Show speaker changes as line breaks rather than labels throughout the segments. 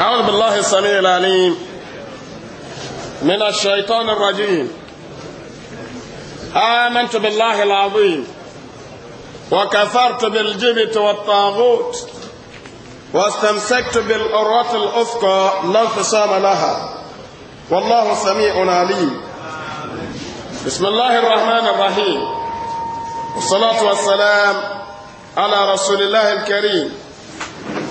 أعوذ بالله السميع العليم من الشيطان الرجيم آمنت بالله العظيم وكفرت بالجبت والطاغوت واستمسكت بالأروة الأفقى لا انفصام لها والله سميع عليم بسم الله الرحمن الرحيم والصلاة والسلام على رسول الله الكريم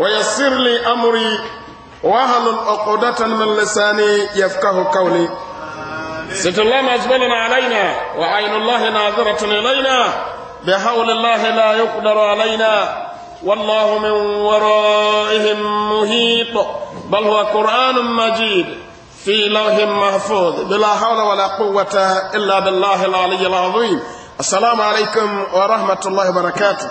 ويسر لي أمري وهل عقدة من لساني يفقه قولي ست الله مجبل علينا وعين الله ناظرة إلينا بحول الله لا يقدر علينا والله من ورائهم مهيط بل هو قرآن مجيد في لوح محفوظ بلا حول ولا قوة إلا بالله العلي العظيم السلام عليكم ورحمة الله وبركاته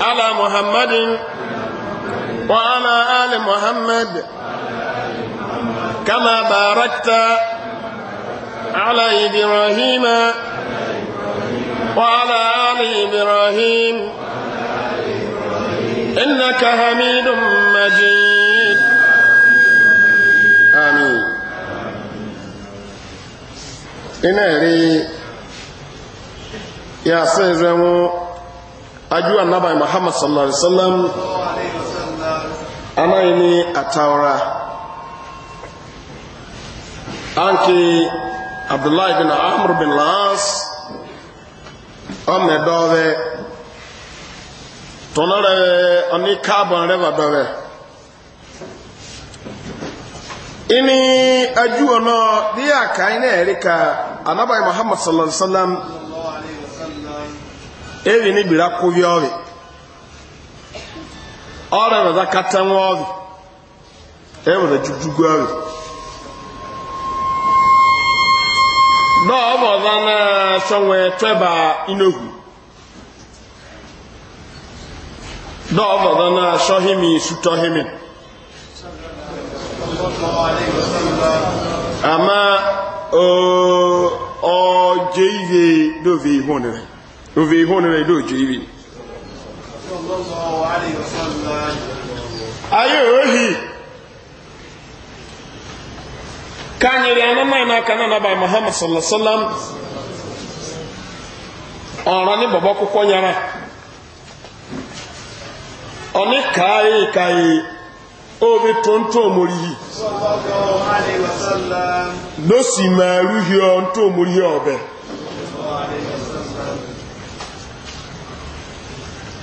على محمد وعلى آل محمد كما باركت على إبراهيم وعلى آل إبراهيم إنك حميد مجيد آمين إنه يا سيزمو aju annabai muhammad sallallahu alaihi wasallam ana ini atawra anki abdullahi bin amr bin las ome dove tonore oni carbon reva dove ini aju ono dia kaine erika annabai muhammad sallallahu alaihi wasallam ebi ni bira kubi obi ọrịa na dakata nwa obi ewere jujugwu obi dọọbọ ọzọ na sọnwe tweba inogwu dọọbọ ọba na sọhimi ama ọ ọ jẹ ihe dove uvihone na idoji hivi ayo ohi kanyere anama ina kana na bai muhammad sallallahu alaihi wasallam ọ̀rọ̀ ní bọ̀bọ̀ kúkọ́ yára anyị káyé káyé obi tó ń tó mórí yìí ló sì máa rúhìọ́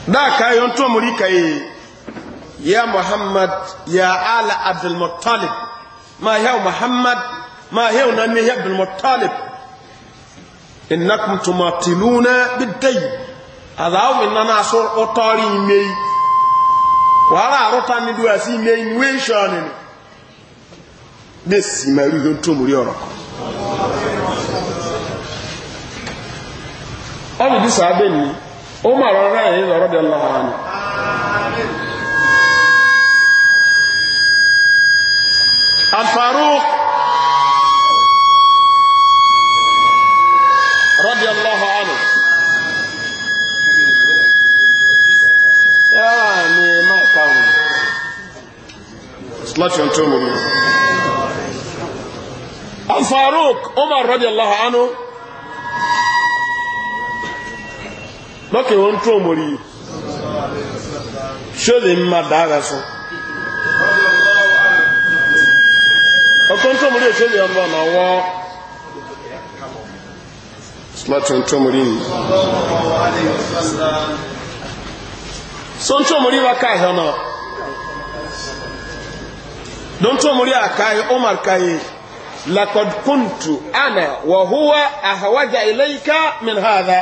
daka yon to muri kai ya muhammad ya ala abdul muttalib ma ya muhammad ma ya nan ya abdul muttalib innakum tumatiluna bidday adaw min nana so otori mei wala rota ni du asi mei ni we shonene desi maru yon to muri oro ọmọ ìdí sàábẹ̀ ni عمر رضي الله عنه الفاروق رضي الله عنه يعني ما قام صلاه انتم الفاروق عمر رضي الله عنه dɔkɛ wɔn tó omori yi sóde mma daara so ɔtɔn tó omori esóde ɔbɔ na ɔwɔ sima tó tó omori yi so tó omori wa kaa hɛ no don tó omori a kaa hɛ omar kaa hɛ. لقد كنت أنا وهو أهوج إليك من هذا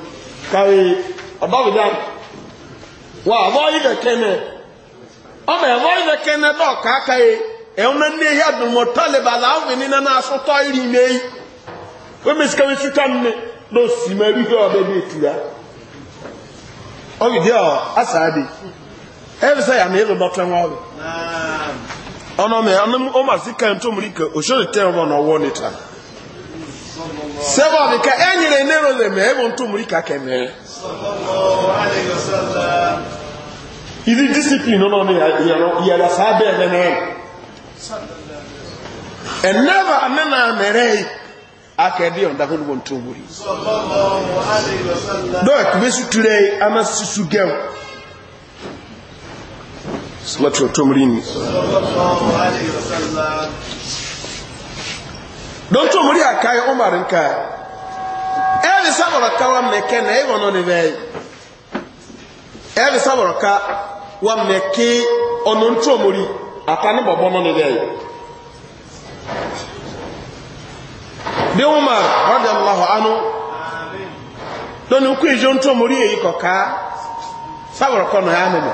Karị ọ̀dọ́gbìdàn wà ọ̀bọ̀ ìdẹ̀ kẹ́nẹ̀ ọmọ ẹ̀bọ̀ ìdẹ̀ kẹ́nẹ̀ dọ̀ kàákàyè ẹ̀hún náà ní ehi àdùnmọ̀ tọ́lẹ̀bà láàbì na náà asọ́tọ́ ìrì eyi wọ́n mi sika wọ́n nne na sì máa rí hẹ́ ọ̀bẹ bí ètura ọ̀gìdì dị ọ ẹ̀rì sẹ́yà ní ìlú dọ́tẹ́ wọn sẹ́wọ̀n nìkan ẹ̀yìn rẹ̀ nẹ́rọ lẹ̀mẹ̀ ẹ̀mọ̀ tó múrí kàkẹ́ mẹ́. ìdí discipline náà ni yàrá sábẹ́ ẹ̀ mẹ́rin. ẹ̀nẹ́fà nínú àmẹ́rẹ́ yìí akẹ́dí ọ̀dà fún wọn tó múrí. dọ́ọ̀ kìí bẹ́sù tirẹ̀ ama sísú gẹ́wò. sọ́lá tó múrí ni. don tó mori aka yi nka ɛbi sabɔrɔ ka wa mɛkɛ na e wɔnɔ ni bɛyi ɛbi sabɔrɔ ka wa mɛkɛ ɔno tó mori aka ne bɔ bɔnɔ ni bɛyi de umar rɔdi allahu anu dɔnni ko ezo tó mori yɛ yi kɔka sabɔrɔ kɔ na ya mɛmɛ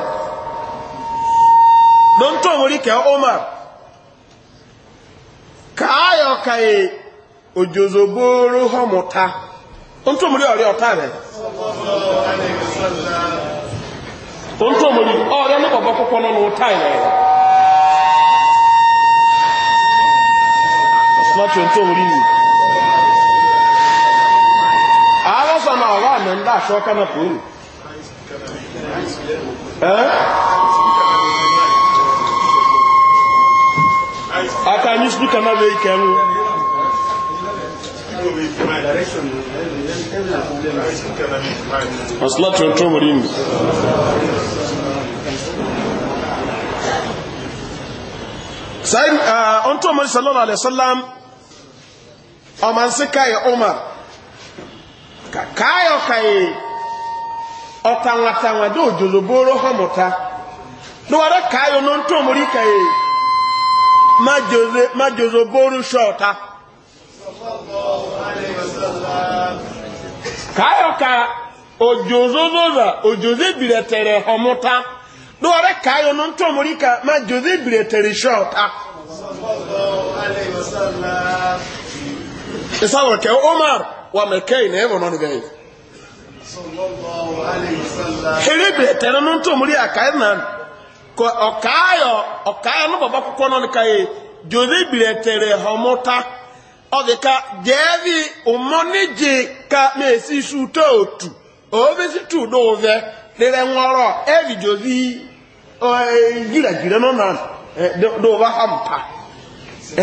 don tó mori kɛ umar. ka kae ojozoboro hɔmota ntomori ɔre ɔta rɛ ntomori ɔre no bɔbɔ ọrịa no no ta rɛ ya ntomori na ɔrɔ aka anyị spika na bee ike nwụ ọsụlatụ ntụmori ndụ sai uh, ntụmori sallallahu alaihi wasallam ọma nsị kaị umar ka kaị ọkaị ọtanwatanwa dị ojozoboro ha mụta dụwara kaị ọnụ ntụmori kaị májòzò bóru ṣọ́ọ̀ta káyọ̀ká òjòzózózà òjòzé bìrẹ̀tẹ̀rẹ̀ ọmọta lóore káyọ̀ ní tó mórí ká májòzé bìrẹ̀tẹ̀rẹ̀ ṣọ́ọ̀ta ìsáwọ̀kẹ́ omar wà mẹ́kẹ́yìn ní ẹ̀wọ̀n náà gẹ̀yìn
kéré bìrẹ̀tẹ̀rẹ̀ ní
tó mórí àkáyẹ̀ náà ọkaayọ ọkaayọ no baba kwụkwọ nọ nka ye jose biletere họmụta ọdịka jeevi ụmọniji ka na-esi su tootu ovesi tu dove lere nwọrọ evi jose jirajira nọ na e, dova ha mpa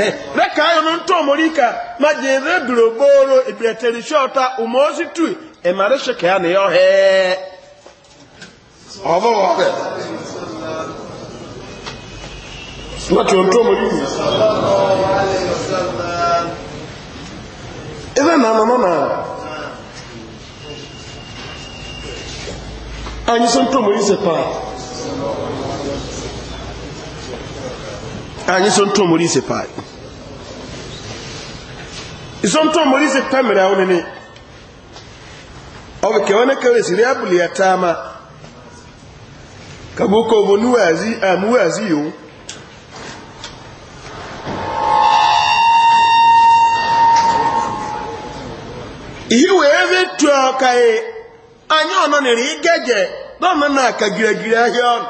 e, reka ayọ nọ ntọ omorika ma jeze biroboro ebiletere shọta ụmụosi tu emaresheka ya na ya ọhịa ọbụghị ọbịa láti ohun tó mọ̀ yìí ẹgbẹ́ náà mọ̀ na anyi sọ tó mọ̀ yìí sẹ paa anyi sọ tó mọ̀ yìí sẹ paa isọ tó mọ̀ yìí sẹ paa mìíràn àwọn nìyẹn ọbẹ kẹwọn náà kẹwọn èsì rí abùlé ẹ̀ta ama kàgbókò ọmọ níwáàzí àmúwáàzí yòó. ihe wee vetu ọka e, anyị ọnọ nere igeje dọọma na aka giragiri ahịa ọnụ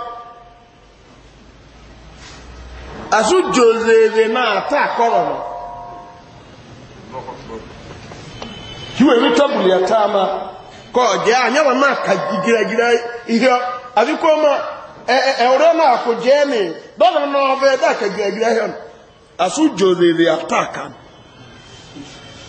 azụ jozeze na-ata akọrọ ihe wee vetu ya taa ma ka ọ jee anyị ọnọ na aka giragiri ihe azụkwa ma ẹ̀rọ náà kò jẹ́ mi dọ́nà na ọbẹ̀ dá aka giragiri ahịa ọnụ azụ jozeze ya taa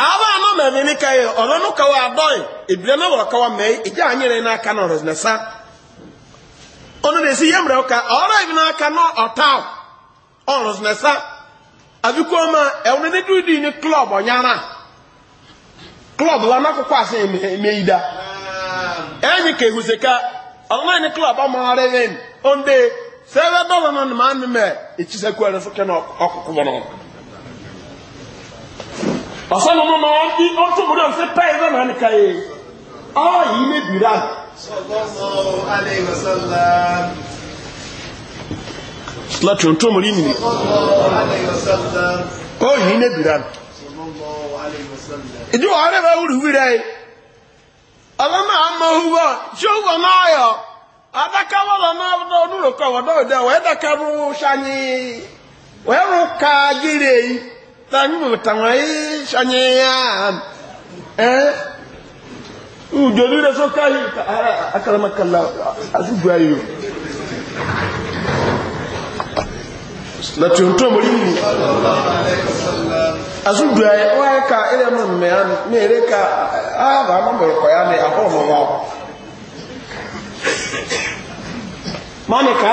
aba anọ ma ebe nika ya ọrụ nụ kawa adọghị ebire na ọrụ kawa mee ije anyere n'aka na ọrụzi na sa ọnụ na-esi ihe mere ụka ọrụ ebi n'aka na ọta ọrụzi na sa abikwa ma ewu ndị dị ụdị ni klọb ọnyara klọb la n'akwụkwọ asị eme ida enyi ka ehuze ka ọrụ naanị klọb ọmụghara ebe ndị sebe dọla na ma anụ mee echisekwere nso ke na ọkụkụ bọrọ ọ̀sán ọmọ ma wọ́n tí ó tó múrí ọ̀sẹ́ pẹ́ ẹ̀rọ náà nìka yìí ọ́ yìí lè bì rà. láti ohun tó múrí nìyí ọ́ yìí lè bì rà. ìdí wàá rẹ̀ bá wúri wúri ẹ̀ ọlọ́mọ àmọ́ òwúwọ́ tí ó wọ̀ náà yọ adakawo lọ náà ọdún rẹ̀ kọ̀ wọ́dọ̀ òde ọ̀ ẹ̀dàkẹ́ rú sanyi wẹ́rù ká gírè yìí tàbí mọ̀tàwọn ṣanyẹyà ẹ́ ìjòdú rẹ̀ sọ káyì akalamakala àṣùgbò ayò láti ọ̀tọ́ mọ̀rí nì àṣùgbò ayò wọ́n ká ilẹ̀ mọ̀ mẹ́rin mẹ́rin ká ààbà mọ̀mọ̀rọ̀kọ̀ ya ní àpọ̀ mọ̀wọ́ mọ́nìkà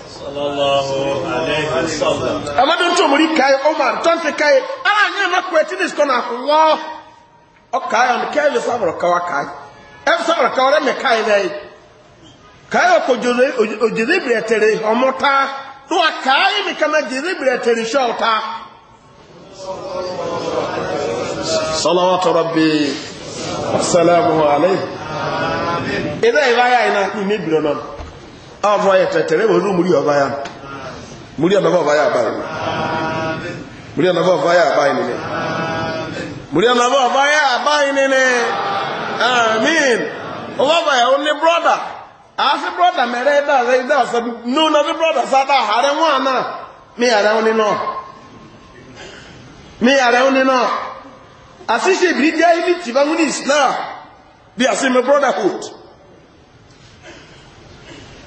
amadu ntu omuli kae omar tonte kae ara nya na kweti dis kona wo okae on kae le sabro kawa kae e sabro kawa me kae nei kae ko jore ojere bretere omota do akae me kana jere bretere shota salawatu rabbi assalamu alayhi ida ya ina ni mebiro nono ọ̀rọ̀ ẹ̀tẹ̀tẹ̀rẹ̀ wọn ní múrí ọba ya múrí ọ̀nà ọba ya báyìí múrí ọ̀nà ọba ya báyìí nílẹ̀ múrí ọ̀nà ọba ya báyìí nílẹ̀ amin ọba ọba ya ó broda. brọ́dà broda brọ́dà mẹ́rẹ́ ẹ̀dá rẹ̀ ẹ̀dá ọ̀sẹ̀ nínú ọdún brọ́dà sábà àárẹ̀ wọn àná mi àrẹ̀ wọn nínú mi àrẹ̀ wọn nínú àṣìṣe ìbírí jẹ́ ibi tìbáwọn ní islam bí àṣìṣe mi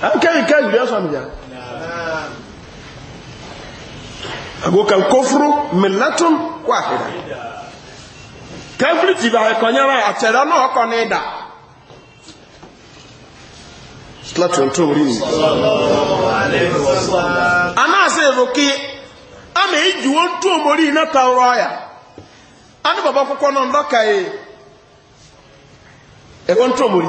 kai kai ya samu ja agokan kofuru millatun wahida kafiriti ba konyara atara na oko ni da slatun to ri ni ana se roki ama iju won to mori na tawro ya ani baba kokon ndo kai e won to mori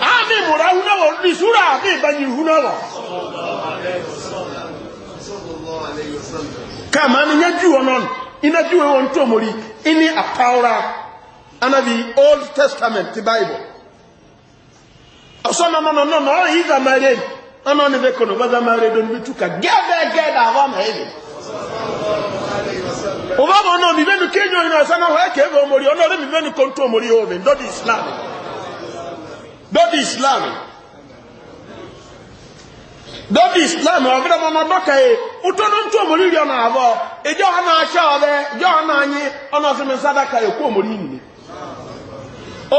ami mura hunawo ni sura abi banyi hunawo kama ni nyaju onon ina juwe won to mori ini apawra ana bi old testament the bible osona no no no no ida mare ana ni beko no baza mare don bituka gebe gebe avam Oba obabo no mi benu kenyo ina sana wa kebe omori ono re mi benu kontu omori obe ndo di islam dọ́dí islam dọ́dí islam ọ̀bẹ̀rẹ̀ mọ́mọ́ dọ́kà yìí na ló ń tó na rí ọ̀nà àbọ̀ ìjọ ọ̀nà aṣọ ọ̀rẹ́ ìjọ na anyi ọ̀nà ọ̀sẹ̀mẹ̀ sádàkà èkó òmòrí nìyí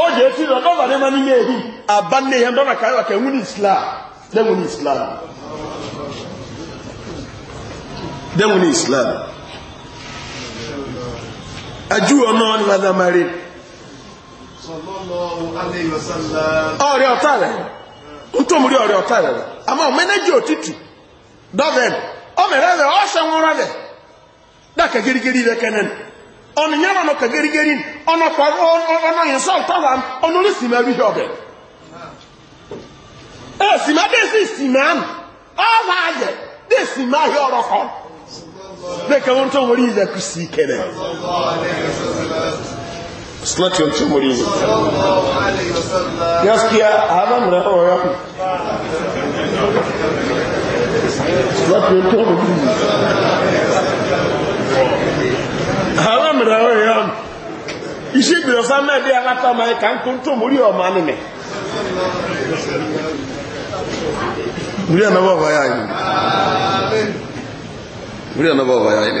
ó jẹ́ tí lọ dọ́là na mani yé èyí àbálẹ̀ ka islam islam islam na ọ̀rẹ́ ọ̀tá rẹ̀ ntòmùrí ọ̀rẹ́ ọ̀tá rẹ̀ àmọ́ mẹ́nẹ́jì òtítù dọ́vẹ̀n ọmọrẹ́ rẹ̀ ọ̀ṣẹ̀ wọn rẹ̀ dákẹ́ gírígírí rẹ̀ kẹ́nẹ́ni ọ̀nìyàn ọ̀nà kẹ́ gírígírí ọ̀nà yẹn sọ̀tọ̀ wà ọ̀nà onísìmẹ̀ rí ọ̀bẹ̀ ẹ̀ sìmẹ̀ dé sí sìmẹ̀ àmì ọ̀bà ayẹ̀ dé sìmẹ̀ ayé ọ̀rọ̀ kan bẹ́ẹ̀ kẹ́ wọ́n tó wọlé ilẹ̀ kùsì kẹ́nẹ́ salati wa mutum muri ne gaskiya haram da hawa ya ku salati wa mutum muri ne haram da hawa ya ku isi bi ọsán náà bí aláta máa ń kàn kún tó muri ọmọ anìmẹ muri anabọ ọba ya ilé muri anabọ ọba ya ilé.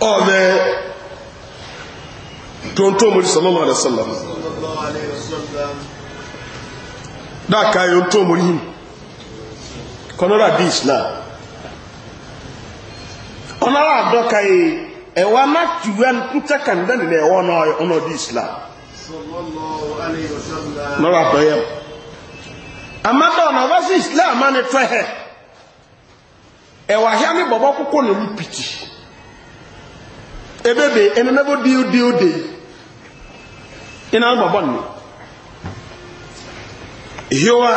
ọ̀rẹ́ tó ń tó sallallahu alaihi wasallam dáka yóò tó mori him kọ́nọ́rà bí islam ọ̀nàrà àdọ́ka yìí ẹ̀wà láti wẹ́n kúta kàndẹ́nì ní ẹ̀wọ́ islam nọ́rà àdọ́yẹ̀ àmàdà ọ̀nà wá sí islam á ní tọ́ ẹ̀wà kúkú ebebe enenebo diu diu de ina alba bonni hiwa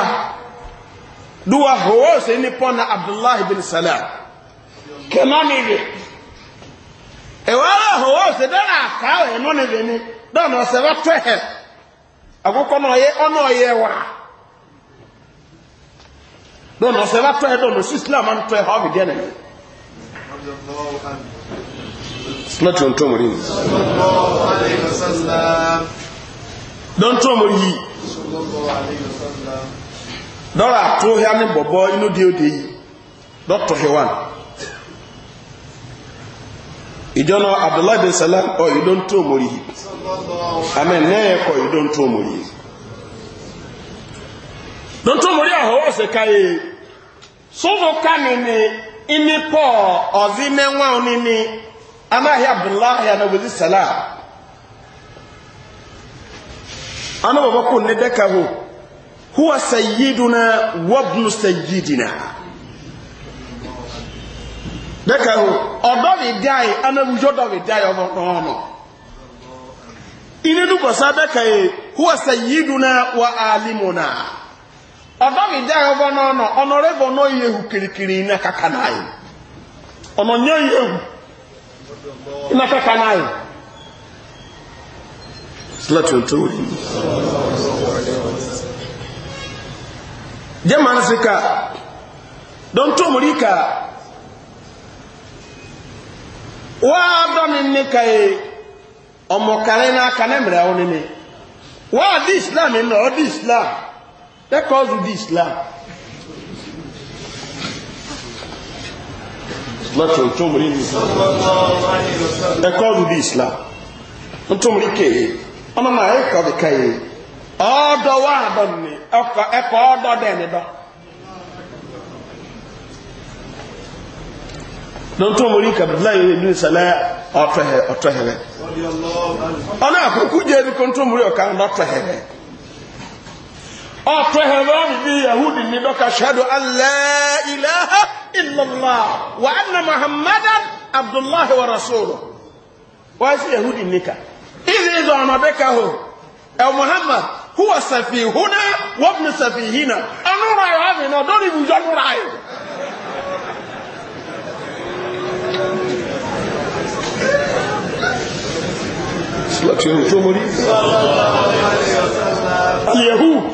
duwa howo se ni pona abdullah bin salam kenani be e wala howo se dana ka e no ne be ni dana se ba to he akoko no ye ono ye wa dana se islam an to he dene láti ohun tó mọ̀ don tó mọ̀ yìí dọ́rà tó hẹ́ ní bọ̀bọ̀ inú abdullahi bin salam ọ̀ ìdón tó mọ̀ yìí amen nẹ́yẹ kọ̀ ìdón tó don tó mọ̀ don àhọ́wọ́ ọ̀sẹ̀ káyé sófò ká ní anaghị abdullahi anawezi salam ana baba ko ne daka ho huwa sayyiduna wa ibn sayyidina daka ho odo bi dai ana bujo do bi dai obo no no ine du ko sabe kai huwa sayyiduna wa alimuna odo bi dai obo no no honorable no hu kirikiri na kakanai ono nyo yehu ina kaka naye salatu mtume jama nasika don to mulika wa domin ne kai ọmọ kare na aka ne mere ọnụ ne wa di islam ina ọ di islam that cause di islam láti ọjọ́ mú nínú ẹ̀kọ́ ọdún islam ń tó mú kéèyè ọmọ náà ẹ̀kọ́ ọdún káyè ọ̀dọ̀ wà àdọ̀ ní ẹ̀kọ́ ọdọ̀ dẹ̀ nídọ̀ don tó mú rí kàbílá yìí ní ìsẹ̀lẹ̀ ọ̀tọ̀hẹ̀rẹ̀ ọ̀nà àkókò jẹ́ ibi kan mú rí ọ̀kan ọ̀tọ̀hẹ̀rẹ̀ أكره الله يهودي لدك أشهد أن لا إله إلا الله وأن محمدا عبد الله ورسوله وأنت يهودي نكا إذا إذا أنا بك هو أو محمد هو سفي هنا وابن سفي هنا أنا رأي هذا أنا بجان رأي اليهود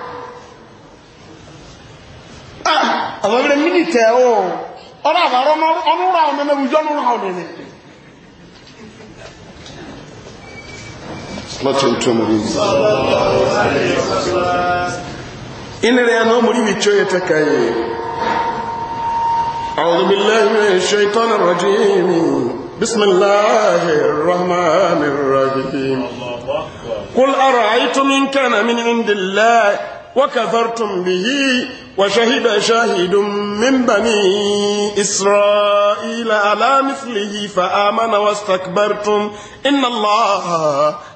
Ah, àwọn ẹ̀rẹ́ mínítẹ̀ o ọ̀rọ̀ àbárọ̀ ọ̀nùrà ọ̀nà ẹ̀mẹ́ ìjọ ọ̀nùrà ọ̀nà ẹ̀mẹ́ lọ́tún tó mú yìí inere ya na ọmọ rí wíjọ yẹ tẹ́ka yìí أعوذ بالله من الشيطان الرجيم بسم الله الرحمن الرحيم قل أرأيتم إن كان من عند الله وكفرتم به وشهد شاهد من بني إسرائيل على مثله فآمن واستكبرتم إن الله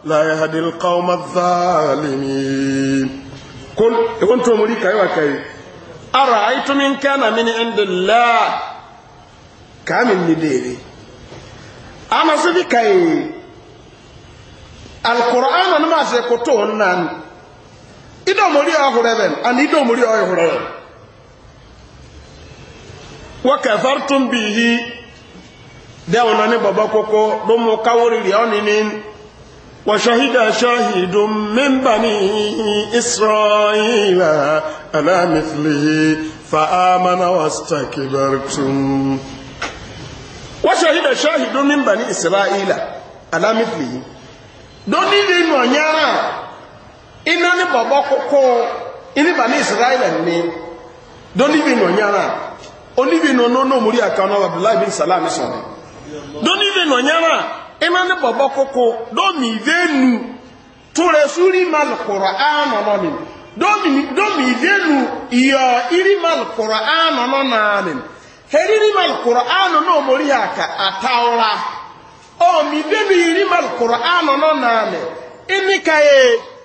لا يهدي القوم الظالمين كنت مريكا وكي أرأيتم إن كان من عند الله كامل نديري أنا صديقي القرآن أنا ما سيكتون idomori ọhụrụ ebe ana idomori ọhụrụ ebe wakafartum bihi dẹwọn nani baba koko domo kaworiri ọnini washahida shahidun min bani israila ala mithlihi fa amana wastakbartum washahida shahidun min bani israila ala mithlihi doni de nọnyara iná ní bọ̀bọ̀ kókó iníbà ní israẹlẹ̀ ní donivin ònyára onivin onónó múrí àkànnà abdullahi bin salami sọ̀rọ̀ donivin ònyára iná ní bọ̀bọ̀ kókó domi ìvénu túrẹ̀ súrí malù kùrọ̀ ánà nọ́ni domi ìvénu ìyọ̀ irí malù kùrọ̀ ánà nọ́ni heriri malù kùrọ̀ ánà náà múrí àkà àtàwọ̀ra omi ìvénu irí malù kùrọ̀ ánà ka inikaye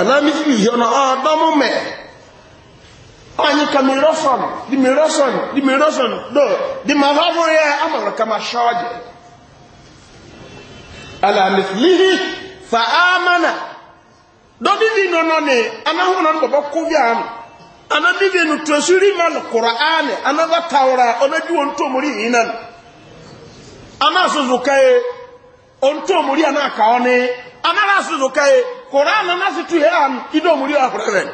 anamisi ah, yìí ọ̀nà ọ̀dọ́mú mẹ́ ọ̀nyí ka mìírọ́sọ̀n di mìírọ́sọ̀n di mìírọ́sọ̀n dò di ma bá fún yẹ amọ̀rọ̀ ka ma ṣọ́ọ̀jẹ̀ alamisihi fa amana dọ́bí bi nọ́nọ́ ni anahu nọ́nọ́ bọ̀bọ̀ kú anabi bi nu Quran na si tu hea ido muri ya kureven.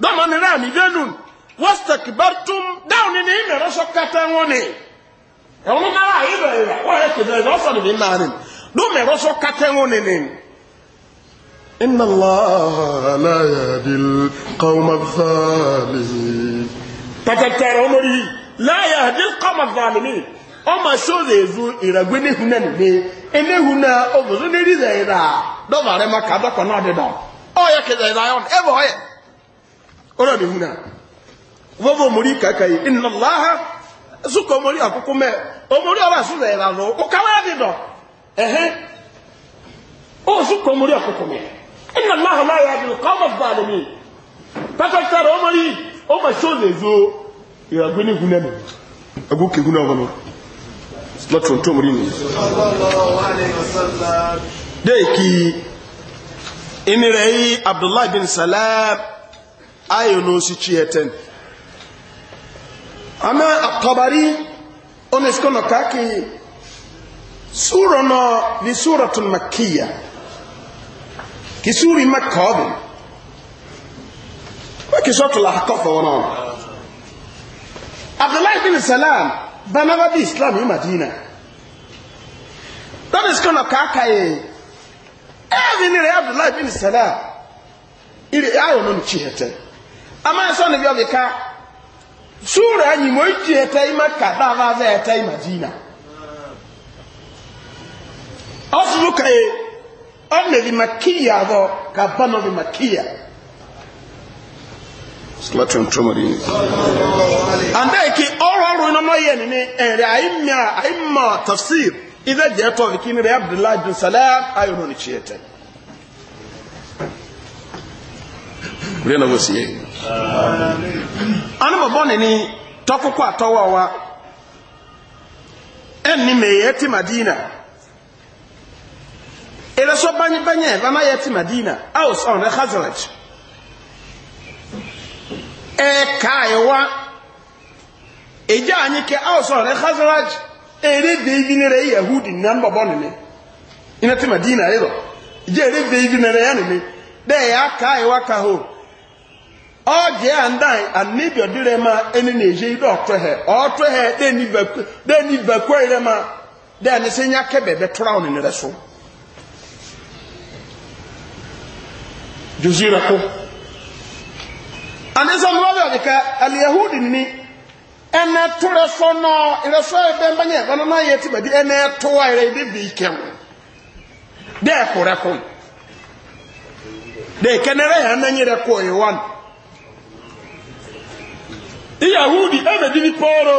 Doma ni rani jenun. Wasta kibartum down ni ime rasho kata ngoni. E ono mara ibe ibe. Kwa heke zai zosa ni bimani. Dome rasho kata ngoni ni. Inna Allah la yadil qawma dhalimin. Tatatara La yadil qawma dhalimin. ọmọ ṣọ́ọ̀dẹ̀ èzú ìrẹ̀gbẹ́ níhun náà nìyí enéhun náà ọgọ̀zọ́ lérí zẹ̀yìnrà dọ́bà rẹ̀ máa kàdọ́kọ̀ náà dídọ̀ ọ̀yẹ́ kẹsẹ̀ ìdáyọ̀n ẹ̀bọ̀ ọ̀yẹ́ ọ̀rọ̀ níhun náà vọ́vọ́ mórí kàkà yìí iná láhà sùkọ̀ mórí àkókò mẹ́ ọmọrí ọba lọ́tún tó múrí ni déèkì inú rẹ̀ yí abdullahi bin salam ayonu sí chi ẹ̀tẹ́n àmọ́ àtọ́bárí oníṣkọ́nà káàkiri súrọ̀ náà ní súrọ̀ tún makíyà kì súrì mẹ́kọ̀ ọ̀bùn wọ́n kì sọ́tù wọn náà abdullahi bin salam There never be Islam in Medina. That is kind of kakaye. Even in the life in Salah, it is I don't know chihete. Ama ya sani vya vika, sura ni mo chihete ima kadava zeta ima jina. Osu kaye, ome vi makia vo, kabano vi makia. Slatan Tromari ne. Anda yake ọrụ ọrụ na mayẹ ni ne ẹ̀rẹ̀ àìmà àìmà tafsir ìdá jẹ́ tọ́ fi kí ni rẹ̀ Abdullahi bin Salam ayọ̀rọ̀ ni ṣe tẹ̀. Kúrẹ́ na wọ́n sì yẹ. Anamọ̀ bọ́ ni ni tọ́kùkù àtọ́wọ́ wa ẹ̀ ní mẹ̀yẹ ti Madina. Èrè sọ bányibányẹ bá má yẹ ti I was on the Hazard. ẹ̀ka e ìwá èjá e àyí kẹ áwọ̀sọ̀ rẹ̀ e khazaraj èrèdè ibi nẹrẹ yahudi ní àmbọ̀bọ̀ nìmi iná tí madina rẹ̀ rọ̀ ìjẹ́ èrèdè ibi nẹrẹ yá nìmi dẹ́ ẹ̀ aka ìwá kahó ọjẹ́ àndán àníbìọ̀dì rẹ̀ ma ẹni na èyí dọ̀ ọ̀tọ̀ hẹ̀ ọ̀tọ̀ hẹ̀ dẹ́ ni bẹ̀kọ́ rẹ̀ ma dẹ́ ẹni sẹ́ nyá kẹ́ bẹ̀bẹ̀ tóra so. anisa mbaba yabika aliyahudi ni ene ture so no ire so ebe mbanye bana na yeti badi ene to ire ibi bi kem de kore kon de kenere ya na nyire ko yi wan iyahudi ebe di ni poro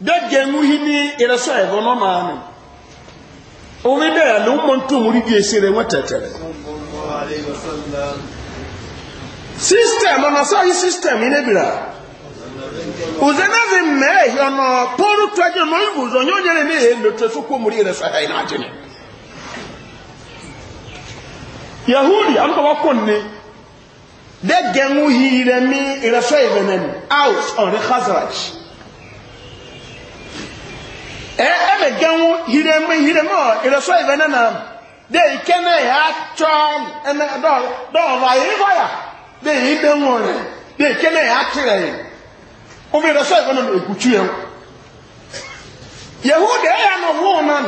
de gemu hini ire so ebe no ma ni omi bẹ́ẹ̀ ló mọ́ tó mú rí bí esere wọ́n tẹ̀tẹ̀rẹ̀ sistem ọ̀nà sọ́yí sistem inébìrà uzenazi mmehie ọ̀nà pọ́ọ̀rù tọ́jú ọ̀nà ìbùzọ̀ onye onye rẹ̀ n'ihe lòtò sókò múrí rẹ̀ sọ́yá iná jìnà yahudi alùpàwọ́pọ̀ ní dẹ́gẹ̀mú yìí rẹ̀ mí ìrẹsọ́ ìrẹ̀nẹ̀mí out on the hazard ẹ̀ ẹ̀mẹ̀ gẹ̀mú yìí rẹ̀ mí ìrẹsọ́ ìrẹ̀nẹ̀mí dẹ́ ìkẹ́nẹ̀ yà á tọ́ ẹ̀mẹ̀ dọ́ọ̀rọ̀ àyè bẹ́ẹ̀ ne bẹ́ẹ̀ wọ̀n rẹ̀ bẹ́ẹ̀ kí náà yà yi tirẹ̀ yìí obìnrin rẹ̀ sọ ìfẹ́ náà èkútú yẹn yehuda ẹ̀yà náà wọ́n ya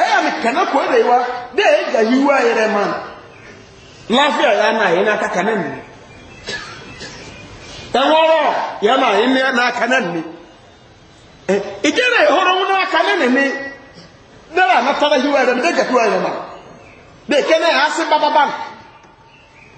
ẹ̀yà mi kàná kó ẹ̀rẹ̀ wa bẹ́ẹ̀ yìí gà yíwá yẹrẹ man láfíà yà náà yìí náà na náà nìyí ẹ̀wọ́rọ̀ yà náà yìí na kà náà nìyí ìjẹ́rẹ̀ ìhóró wọn náà kà náà nìyí náà náà tọ́lá yíwá yẹrẹ mi dẹ́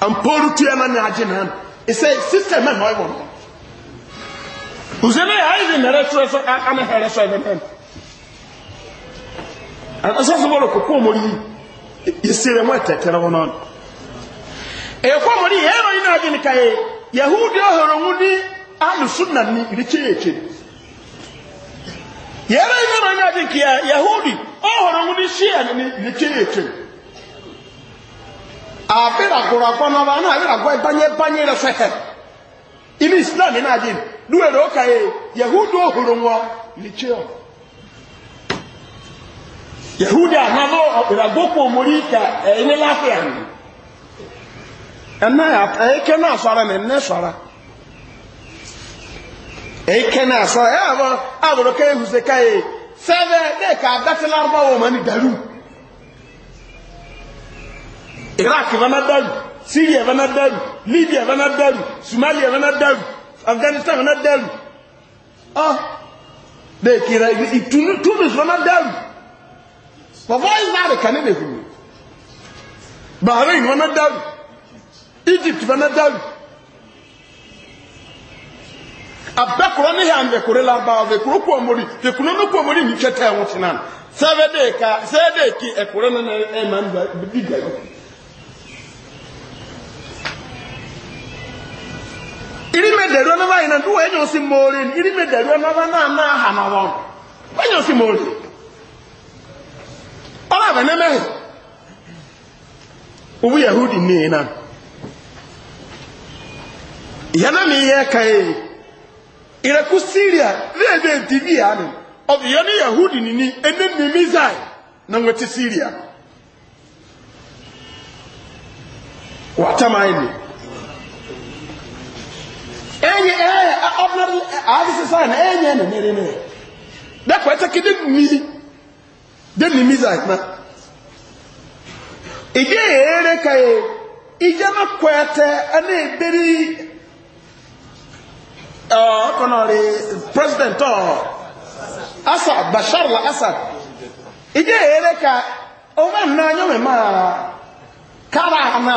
amporu tu yana na agye nan ɛsɛ system ɛna ya wɔn ozɛnɛ ayi de nɛrɛ ana hɛrɛ sɔ ɛbɛn bɛn asɔfo bɔlɔ kɔkɔ ɔmɔri yɛsɛrɛ mu ɛtɛtɛrɛ yi na agye ka yahudi ɔhɔrɔ ni alusun na ni irikye ya yi na agye ne yahudi ɔhɔrɔ oh, ni shia ni irikye yɛ abiragorago naba na abirago ebanye banye resehe ili islam ina jin duwe do kaye yahudu ohuru nwo licheo yahudu anabo abirago ko mori ka ene lafiya ni ana ya eke na sara ne ne sara eke na sara ya ba aburo kaye huse kaye sebe de ka datilarbao mani daru iraq bana dẹrù syria bana dẹrù libya bana dẹrù somalia bana dẹrù afghanistan bana dẹrù ọ bẹẹ kira ìtùnú tunis bana dẹrù wọ́fọ́ ìlàrí kàní lè hùwù bahrain bana dẹrù egypt bana dẹrù abẹ́kọ̀ọ́ ní yà ń la lábàá bẹ̀kọ̀ọ́ kú ọmọdé bẹ̀kọ̀ọ́ ní kú ọmọdé ní kẹtẹ́ ẹ̀wọ̀n tì náà sẹ́fẹ̀dẹ̀ ká sẹ́fẹ̀dẹ̀ kí ẹ̀kọ̀ọ́ náà ẹ̀ máa ń bá dídà yọ̀. iri medere ọnụ na ndị nwa enye osi mmụọ ori iri medere ọnụ ọba na-ana aha na ọrụ enye osi mmụọ ori ọ na-abịa n'emeghị ụwụ yahudi nne na e ya e na ihe ka e ireku siria reze tivi ya nụ ọ bụ ya na yahudi nini ene mmemizai na nweta siria wata anyị enye ee ordinary aadisi na enye na mere mere dẹkọ ẹsẹ kí mmiri mi mmiri mi zai ma ìjẹ èrè kàyé ìjẹ má kọ ẹtẹ president ọ asad bashar la asad Ije èrè ka ọwọ na nyọmọ ẹ máa kára àná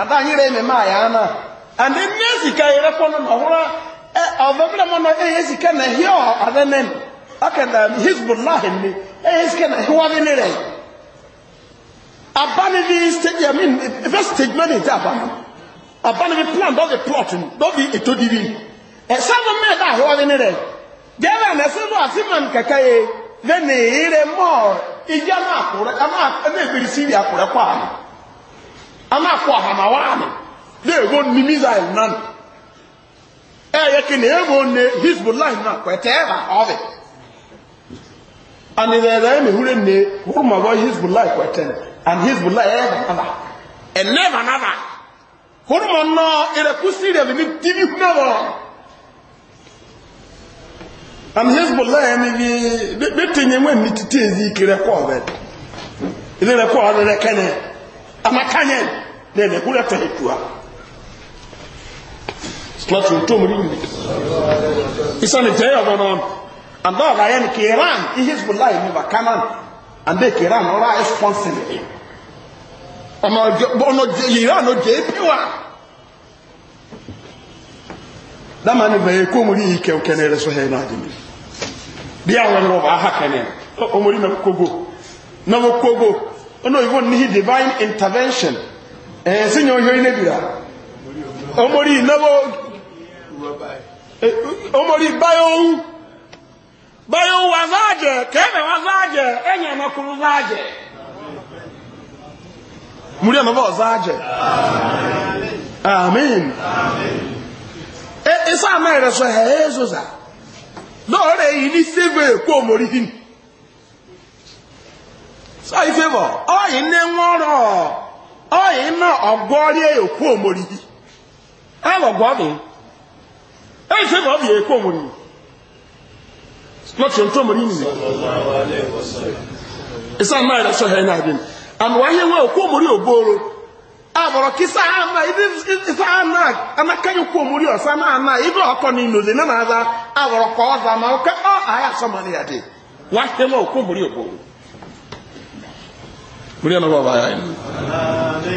àbáyé rẹ mẹ máa and then uh, eh, yes ka ire fono no hora e avamra mono e yes ka na hi o adenen akanda hizbullah ni e yes ka na hi wa ni re abani bi stage i mean first stage money ta abani abani bi plan do the plot eh, do the etodiri e sabe me da hi wa ni re dela na se do asiman kakaye eh, then ire mo ija na akure ama ebiri siri akure kwa ama kwa hama wa ni na-egwo misail nanụ eyeke na ewo hizbullah na kwetera ọbị and ilere emehure ne hurmawa hizbullah kwetera and hizbullah eva eh, nava eneva nava hurma nọ ireku siria bibi tibi hunava and hizbullah emibi eh, betinye nwe mititi ezi ikere kwa ọbị ilere kwa ọbị rekene amakanye na-elekwu slọ́tù tó mú rí mi ìsọ́nì jẹ́ ọ̀gbọ́n náà àndọ́ ọ̀rọ̀ ayé ni kì í ran ihezbollah ní bakanan àndé kì í ran ọ̀rọ̀ ayé spọ́nsìlì ọ̀nà ìran ó jẹ́ ebi wa dama ni bẹ̀yẹ kó mú rí ike òkèlè rẹ̀ sọ́hẹ́ náà dì mí bí àwọn ẹ̀rọ wà á hà kẹ́lẹ̀ ọmọ rí náà kógó náà kógó ọ̀nà ìwọ ní divine intervention ẹ̀ẹ́sìn yóò yọ ilé bìrà ọmọ rí náà omori bayowu bayowu wa zaaje kẹmẹ wa zaaje ẹnyẹ mẹkuru zaaje muri ẹmẹbọ zaaje amen isa amẹrẹ sọ ẹ ẹzọza lọrẹ yìí ní sẹgbẹ kó omori hin sọ ìfẹbọ ọyìn ní nwọrọ ọyìn náà ọgọrí ẹ kó omori hin ẹ wọ gbọdọ. ẹ̀yìn sẹ́yìn wọ́n bìí èkó òmùrì lọ́tí ọ̀tọ́ òmùrì nìyí ìsáà máa rẹ̀ sọ́hẹ́ náà bí àmì wáyé wọn òkú òmùrì ògbóró àbọ̀rọ̀ kí sáà náà ibi sáà anákẹ́yìn òkú òmùrì ọ̀sá náà náà ibi ọkọ̀ ní ìnòzè náà náà àbọ̀rọ̀ kọ́ ọ̀zà máa ọ́ àyà ní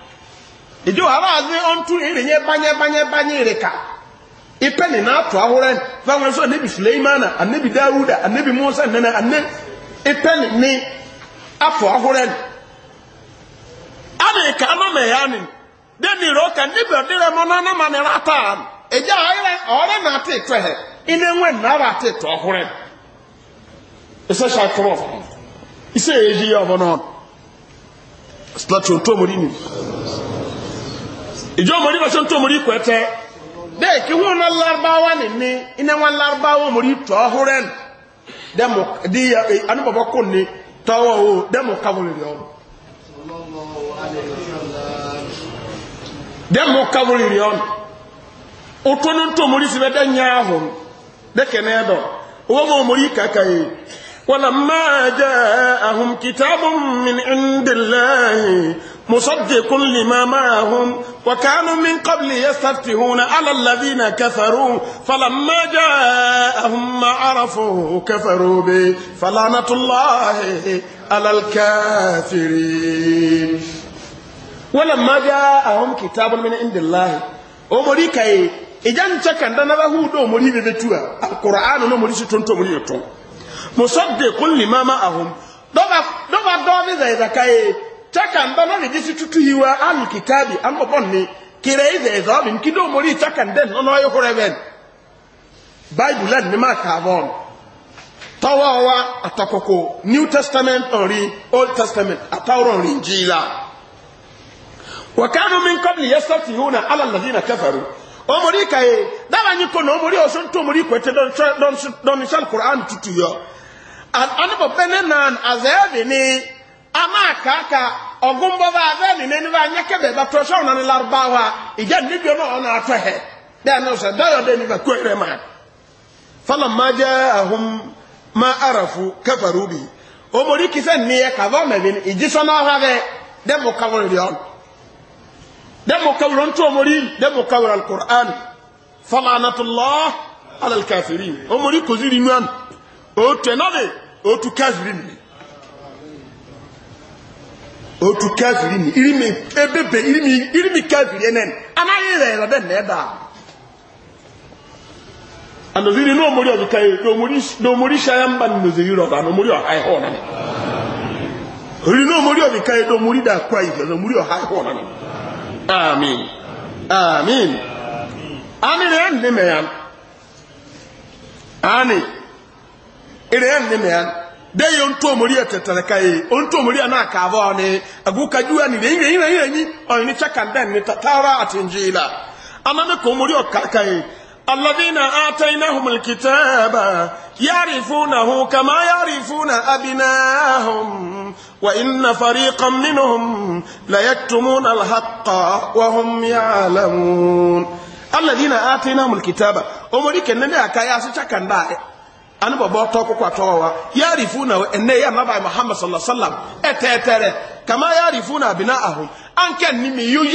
e aráàlú ọ̀ntún ìrìnyẹ bányẹbányẹbányẹ ìrìkà ìpẹ́ ní nàtọ̀ ahọ́rẹ́ fáwọn sọ níbi suleimana anabi dawuda anabi musa nana ane ìpẹ́ ní afọ ahọ́rẹ́ àdìrìkà anamẹ̀yà ni dẹ́ni ìrọ̀kà níbi ọ̀dẹ́rẹ́ mọ́ n'anamà ní rata ìjà ayẹrẹ ọ̀rẹ́ náà ti tọ̀ ẹ̀ iná ti ìjọ mọ̀rí bá ṣọ́n tó mọ̀rí kwẹ́tẹ́ dẹ́ kí wọ́n na lárúbáwá ni ní iná wọn lárúbáwá mọ̀rí tọ́ húrẹ́n dẹ́mọ̀ di eh, anúbọ̀bọ̀ kò ní tọ́wọ́ o dẹ́mọ̀ kavuliri ọ̀rọ̀ dẹ́mọ̀ kavuliri ọ̀rọ̀ òtún ní tó mọ̀rí síbẹ̀ dẹ́ nyẹ́ ahùn dẹ́kẹ̀ náà owó mọ̀ mọ̀rí kàkà yìí wọ́n na máa jẹ́ ahùn kìtàbùn min indilẹ́yìn مصدق لما معهم وكانوا من قبل يستفتحون على الذين كفروا فلما جاءهم ما عرفوا كفروا به فلعنة الله على الكافرين ولما جاءهم كتاب من عند الله أمري كي إجان تكن دانا بهودو مري ببتوا القرآن نمري ستنتو مري يتون مصدق لما معهم دوغا دوغا دوغا زي زكايه taka mba na nejisi tutu hiwa anu kitabi ambo bonni kire ize ezabi mkido mori taka nden nono ayo kureven bible ni ma ka bon tawawa atakoko new testament ori old testament atawro ori injila wa kanu min qabli yastatihuna ala alladhina kafaru omori kaye dawa nyiko no omori osun to omori kwete don don don shal qur'an tutu yo an anabo benenan azabi ni ama kaka ọgụmbọ ba abẹ nínú ẹni bá nyẹ kẹbẹ bá tọ sọrọ nani larubawa ìjà níbi ọ náà ọ náà tọ hẹ bẹẹ náà sọ dayọ dẹ ma fọlọ ma ahum ma arafu kẹfàrú bi omori kisẹ nìyẹ kàbọ mẹbi ni ìjísọ náà wà bẹ dẹmu kawulẹ rẹ ọnu dẹmu kawulẹ ntọ omori dẹmu kawulẹ alukur'an fọlọ anatolọ alalikafiri omori kòziri nuan òtẹ náà bẹ kafiri nìyẹ otu kafiri ni irimi ebebe irimi irimi kafiri enen anaghị ire ere den na a anoziri na omori ọzụta ya na shaya mba na noziri rọba na ọha ihe ọnana ori na ọzụta ya na da akwa ihe na ọha ihe ọnana amin amin anịrị ya nne me ya anị ire ya nne ya dai yon to muri ya tattara kai on to muri ana ka ba ne agu ka juwa ni dai dai dai ni on ni chakan dan ni tatara atinjila amana ko muri o kai الذين آتيناهم الكتاب يعرفونه كما يعرفون أبناهم وإن فريقا منهم ليكتمون الحق وهم يعلمون الذين آتيناهم الكتاب أمريكا نلعك يا سيشاكا ani bɔ bɔ tɔku kwa tɔgɔ wa yaari funa ɛnɛ ya muhammad sallallahu alaihi wa sallam kama yaari funa abina ahun an nimi yu yɛ mi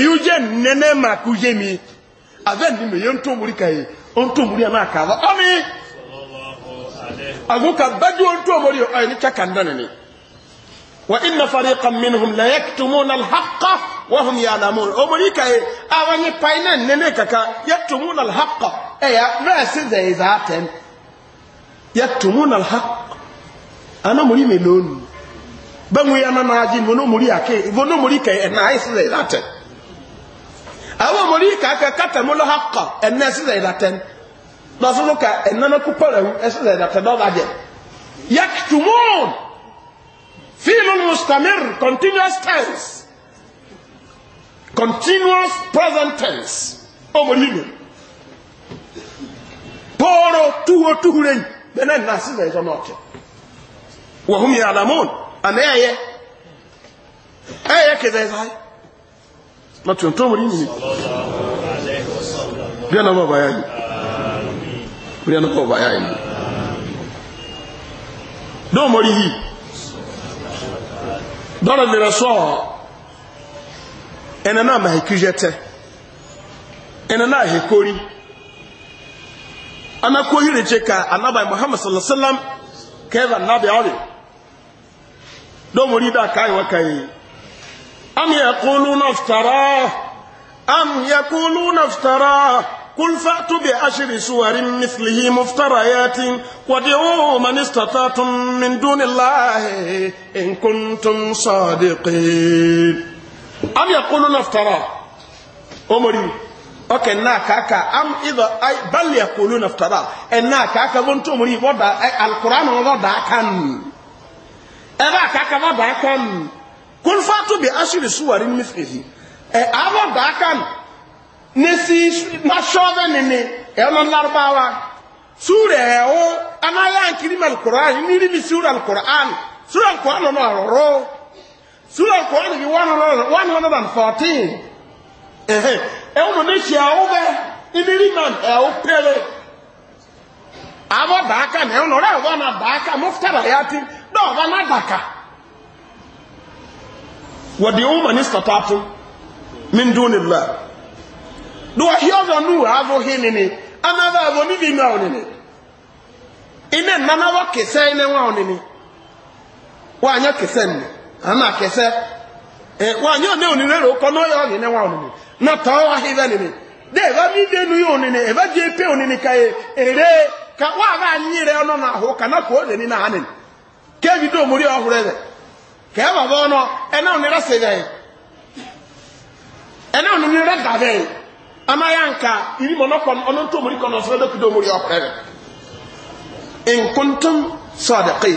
yu yɛ nɛnɛ ku yɛ mi ka ntomori yɛ n'a wa ɔmi a baju ntomori yɛ ɔ ye ne cɛ kan وإن فريقا منهم لا يكتمون الحق وهم يعلمون أمريكا أغني باينان ننكك يكتمون الحق أي راس ذي ذاتن يكتمون الحق أنا مري ملون بمو يانا ناجين ونو مري أكي ونو مري كي أنا ذي ذاتن أو أمريكا كتموا الحق الناس ذي ذاتن نصلك أننا كبره أسذي ذاتن يكتمون Fi'lun mustamir, continuous tense. Continuous present tense. Omolino. Poro tuho tuhuren. Benen nasi na izo noche. Wahum ya alamun. Ane eye. Eye keze zai. Matu yantu omolini. Biyana baba yayi. Biyana baba yayi. Domori hii dɔɔrɔ mìíràn sɔɔ ɛnɛ náà mà hekiriyɛ tɛ ɛnɛ náà hekori anakohiri kye ka anabai muhammad sallallahu alaihi wa sallam kɛɛba nabi ɔri dɔmori da kaa yi wa kaa am yɛ kulu naftara am yɛ kulu naftara. قل فأتوا بعشر سور مثله مفتريات وادعوا من استطعتم من دون الله إن كنتم صادقين أم يقولون افتراه أمري أوكي نا كاكا أم إذا أي بل يقولون إن نا كاكا بنتو أمري وضع القرآن وضع كان إذا كاكا وضع كان قل فأتوا بعشر سور مثله أبا إيه، داكن nesi nasɔɔbɛ nini ɛlɔ larubawa suure ɛwo anaya nkiri ma alukuraan niri mi suure alukuraan suure alukuraan nɔ ɔrɔrɔ suure alukuraan bi one hundred one hundred and fourteen ɛhɛ ɛwo nɔ ne tia ɛwo bɛ niri ma ɛwo pere abɔ daaka na ɛwo nɔ ɔrɛ ɛwo na daaka muftara yati dɔw ba na daka wɔde ɛwo ma ni sɔtɔ ato min dun ne la. do ahia ọzọ nu avo hi nini anava avo nini ma onini ine nanawa kese ine nwa onini wanya kese nne ana kese e eh, wanya one onini ro ko no yo ine nwa onini na to wa hi ve nini de va mi de nu yo onini e va je pe onini ka e, ere ka wa ga nyire ono na ho kana ko de ni na hanin ke bi do muri ohure ve ke ba bo no e na onira se ve ama yanka iri mɔnɔ kɔn ɔno ntɔ mori kɔn ɔsoro dɔ kudo mori ɔkpɛrɛ nkuntum sɔdɛkɛ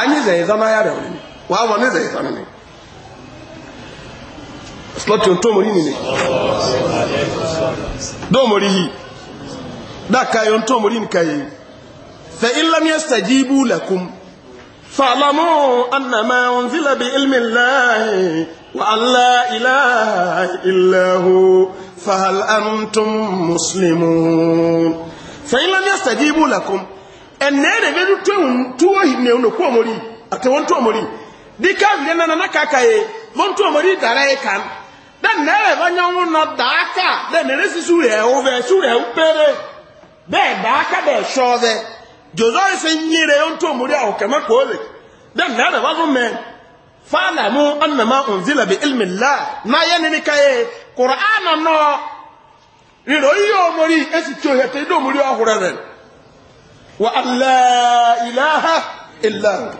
anyi zɛ zana ya rɛwɛ ni wa wɔ ne zɛ zana ni sɔlɔtɔ ntɔ mori nini dɔ mori yi daka yɔ ntɔ mori nika yi fɛ ilamiya sɛji bu lakum fa'lamu annama unzila ilmi llahi wa an ilaha illa فهل أنتم مسلمون فإن لم يستجيبوا لكم ẹnẹ́rẹ̀ bẹ́rù túwọ́ ìhìnà ònàkú ọmọrí àtẹwọ́n tó ọmọrí bí káàkiri ẹnana náà kàkàyè wọ́n tó ọmọrí dàrẹ́ ẹ̀ka dẹ́nẹ́rẹ̀ bá nyọ́nwó na dàákà dẹ́nẹ́rẹ́ sí súrẹ̀ ẹ̀wọ́ bẹ́ẹ̀ súrẹ̀ ẹ̀wọ́ péré bẹ́ẹ̀ dàákà bẹ́ẹ̀ sọ bẹ́ jòzọ́ ẹsẹ̀ nyere wọ́n tó ọmọrí àwòkẹ́mẹ́ kọ́ọ̀lẹ̀ dẹ́nẹ́rẹ̀ bá fún mẹ́ fáàlà mú ọ̀nàmá òǹzílẹ̀ bí ilmìlá náà yẹ́ nínú káyé kùránà náà rírò yíyọ omori èsì tí ó yẹtẹ idó omori ọhúrẹ rẹ wà aláìláha ìlànà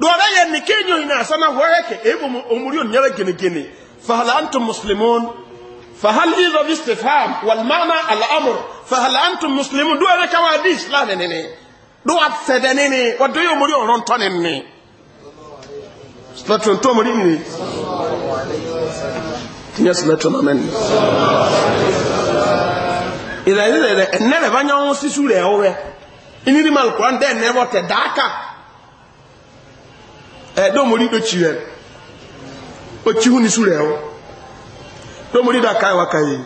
dọ̀rẹ́ yẹn ní kéèyàn yìí náà sọ́nà wọ́n yẹ kẹ èyí omori ò nyẹ́rẹ́ gẹ́nẹ́gẹ́nẹ́ fàhálà antum muslimun fàhálà ìzọ bí stefan wàlmánà àlàámùr fàhálà antum muslimun dọ̀rẹ́ káwá di islam nínú dọ̀wà sẹ̀dẹ̀ nínú wọ́n dọ̀yẹ omori ọ̀rọ̀ ntọ́ nínú. sọ́tún tó nyɛ sɛ mɛtɔ mama ni ìdàgbé rẹ rẹ ẹnẹ rẹ bá nyɔnu sísú rẹ ọwẹ ìnírí ma lùkùrán dẹ ẹnẹ bọ tẹ dàáka ẹ dọmọdé dọkì rẹ ọkì hu nísú rẹ ọ dọmọdé wa ẹ wákàyè.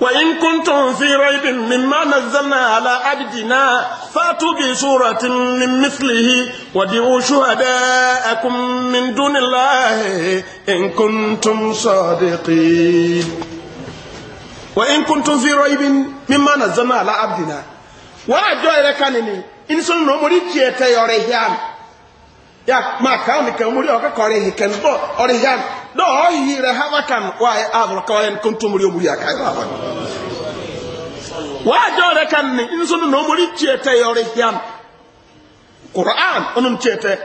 وإن كنتم في ريب مما نزلنا على عبدنا فاتوا بسورة من مثله ودعوا شهداءكم من دون الله إن كنتم صادقين وإن كنتم في ريب مما نزلنا على عبدنا وأجوا إلى كانني إن سنة مريكية يوريهان ya maka ni kan muri o ka kore ni kan do ori yan do o yi re hava kan wa eh, abro ka yan kun to muri o muri aka ba wa do re kan ni in sunu no muri chete ori yan qur'an onun chete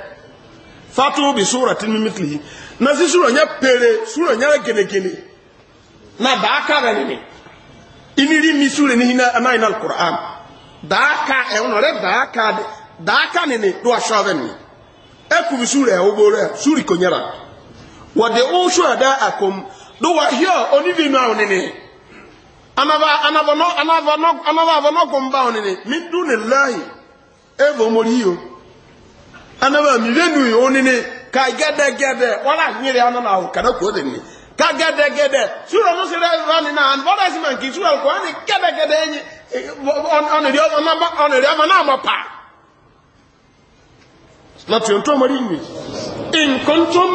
fatu bi suratin min na si sura nya pere sura nya gene gene na da ka ga ni iniri mi sura ni hina amainal Quran. da ka e onore da ka da ka ni ni do ashaven e suri ɛwobo rɛ suri konyara wɔde ada akom do wa hiɔ onibi nu anaba anaba ahụ anaba anaba anaba ka wala nyere kana ka suri láti ohun tó mọ̀ rí ìwé nǹkan tó ń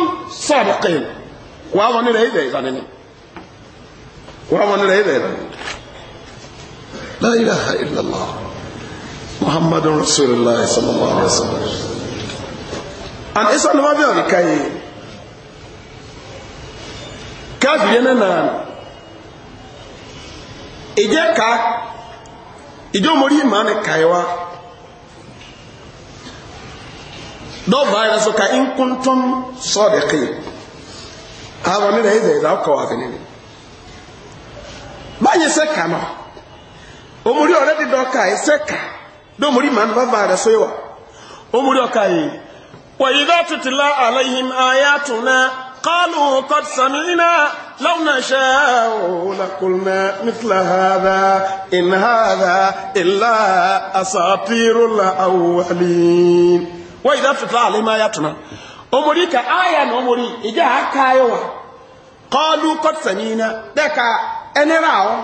sàbọ̀kẹ́ wà wọn nílẹ̀ ibẹ̀ ìlànà ni wà wọn nílẹ̀ ibẹ̀ ìlànà la ilaha illallah muhammadun rasulillah sallallahu alaihi wasallam an isa ni wọn bí ọ̀rẹ́ káyé káàbì yẹn náà ìjẹ́ ká ìjọ́ mọ̀ rí ìmọ̀ ni káyé wa. dɔba yɛrɛ so ka nkuntun sɔɔdeke awo ne na yi zɛyɛ zaa kɔɔ afɛnɛ ni báyìí sɛ ka no omori ɔrɛ di dɔ ka yi sɛ ka dɛ omori maa nuba ba yɛrɛ so yi wa omori ɔka yi wɔyi dɔ tutula alayhim ayatuna kaalu kɔd samina lawna shaawu lakulna mitla hada in hada illa asaatiru la awalin wọ́n ìdá tuntun àlẹ́ máa yá tuna ọmọdé ka àyà nà ọmọdé ìjà àkàyè wa kọ́ọ̀lù kọ́tìsẹ̀mí iná dẹ́ka ẹnẹ́rẹ́ àwọ̀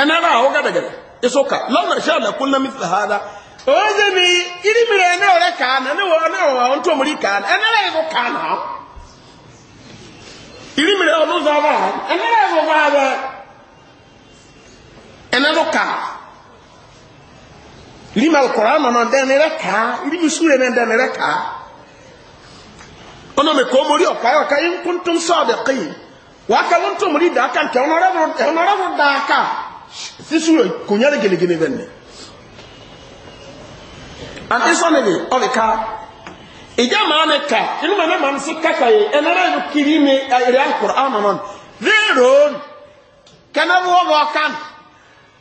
ẹnẹ́rẹ́ àwọ̀ gẹ́gẹ́gẹ́ ìsọ̀ka lọ́nà ìṣẹ́ àlẹ́kùn náà mi ti hàdá oze mi iri mire ẹnẹ́ ọ̀rẹ́ kàá nà ẹnẹ́ wọ̀ọ́ náà wọ̀ọ́ ntọ́ ọmọdé kàá nà ẹnẹ́rẹ́ ẹ̀kọ́ kàá nà áwọ̀ iri mire ọ̀nù zọ̀ ọ̀bà ẹnẹ́rẹ́ ẹ̀kọ́ kàá nà ẹnẹ́rẹ́ kàá lima alkur'an na dẹni rẹ kaa lima sure na dẹni rẹ kaa ọnà mi kò mórí ọ̀pá yẹ ọ̀ka yín kúntùm sọ̀dẹ̀ kéyì wà á ká ló ń tó mórí dàáka nkẹ́ ọ̀nàrẹ́bù dàáka sísú rẹ̀ ni. àti sọ́ni bi ọ̀rẹ́ ká ìjà màá mi ká inú mi màá mi sí kàkà yìí ẹ̀ nàrà kiri mi ẹ̀rẹ́ alkur'an nà dẹ́rọ̀ kẹ́nẹ́ wọ́ bọ̀ kánì.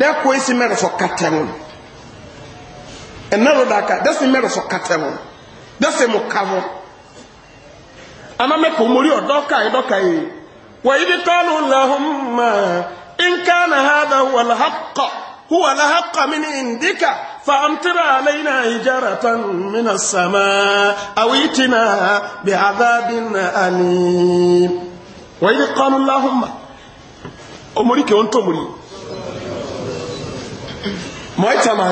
dɛ koe si mɛrɛ sɔ katɛ ŋo ɛnɛro da ka dɛ si mɛrɛ sɔ katɛ ŋo dɛ si mo kavɔ anamɛ pomori ɔdɔ ka yi dɔ ka yi wa ibi kɔlu lahumma inkana hada wala haqa huwa la haqa min indika فأمطر علينا حجارة من السماء أو ائتنا بعذاب أليم وإذ قالوا اللهم أمريكا وأنت أمريكا mɔɛtama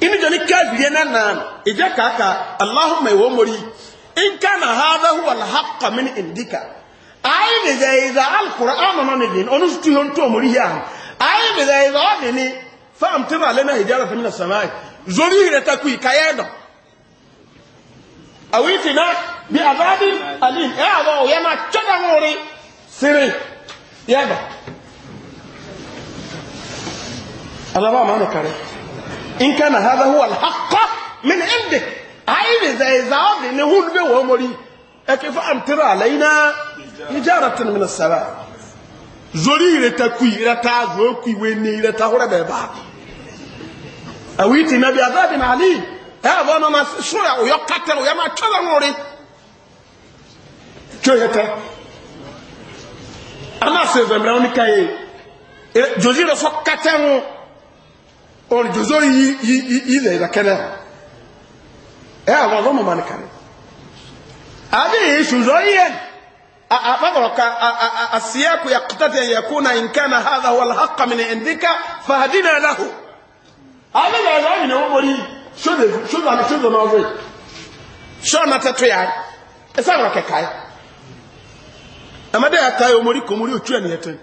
inu jɔ ni kafiriye na nan ija kaka alahuma iwo mori in kana hada huwa alhaqa min indika ayi bi da iza alqur'an nɔnɔ ni din onu tu yon to mori ya ayi bi da iza ɔdi ni fam tira lena hijara fi mina samai zori yɛrɛ ta kui ka yɛ dɔn awi tina bi azabin alim ɛ awɔ o yɛ ma tɔ da ŋori siri yɛ هذا ما معنى كريم إن كان هذا هو الحق من عندك عين زي زعب نهون به ومري أكيف أمطر علينا إجارة من السماء زوري رتكوي رتا زوكي ويني رتا هورا بيبا أويتي نبي عذاب علي هذا أنا ما سورة ويقتل ويما تشذر موري شو هتا أنا سيزم روني كاي إيه، جزيرة سوكتن olùjòzó ilẹ̀ ìdàkẹ́lẹ̀ ẹ àwọn ọlọ́mọ ma nìkan adé ìṣòzó yẹn àpapọ̀lọ̀ka àṣíyàkù yàkútàtẹ̀ yẹkú na nǹkan na hádà wọ́n hàkàmìnà ẹ̀ndíkà fàdínà láhù adé ìṣòzó yìí ni wọ́n mọ̀ ní ṣòdà ní ṣòdà náà rẹ̀ ṣọ́nà tẹ́tọ́ yà ẹ sáwọn kẹkàá ẹ̀ ẹ̀mẹ́dẹ́ yà táyà omori kòmori òtú ẹ̀ nìyẹn tẹ́lẹ̀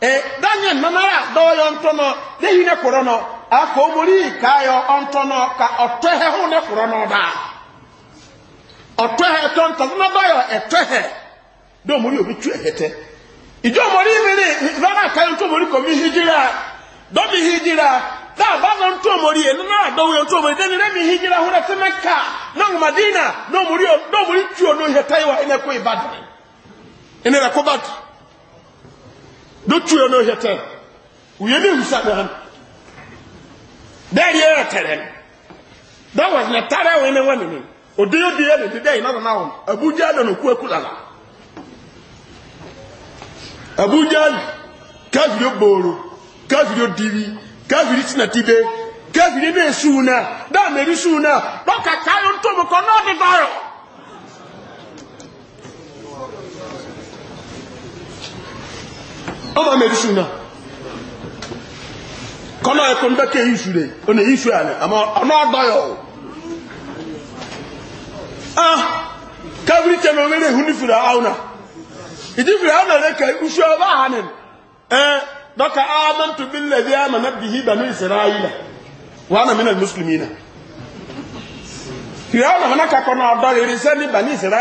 E, danye mmamara dɔɔyɔ ntɔnɔ deyi ne korɔ nɔ omori kaayɔ ka ɔtɔhɛ ho ne korɔ nɔ daa ɔtɔhɛ tɔntɔnɔ dɔɔyɔ ɛtɔhɛ de omori obi tu ɛhɛtɛ ìjọ omori mìíràn rárá kaayɔ ntɔmori kò mi hijira dɔbi hijira dáa bàbá ntɔmori hijira madina wa dotu yɛ n'ohɛ tɛn wòye ne wusa dɛm dɛri yɛ tɛrɛm dɛwɔ hinɛ tara wɔn ne wɔn ne odi yɛ di yɛ ne di dɛ na nana wɔn abuja dɛ eku abuja kafiri gbooro kafiri odibi kafiri sinatibe kafiri ne esu na dɛ ameri su suuna, ka kaa yɛ ntomi kɔ ọmọ medicine. ṣù náà kọ́nà ẹ̀kọ́ ndẹ́kẹ́ yíṣù rẹ̀ ó ní yíṣù rẹ̀ àmọ́ ọ̀nà ọ̀dọ́yọ̀ ah kábírí tẹ́mẹ̀ orílẹ̀ ìhun ní fìrà áwùnà ìdí fìrà áwùnà rẹ̀ kẹ́ iṣu ọba àánì ẹ̀ dọ́kà ámọ́ntò bí lẹ́bí àmà náà bìí bànú ìsẹ̀rá ayílà wà á nà mínà mùsùlùmí náà fìrà áwùnà hàn kàkọ́ náà dọ́rẹ̀rẹ̀ sẹ́ni bàní ìsẹ̀rá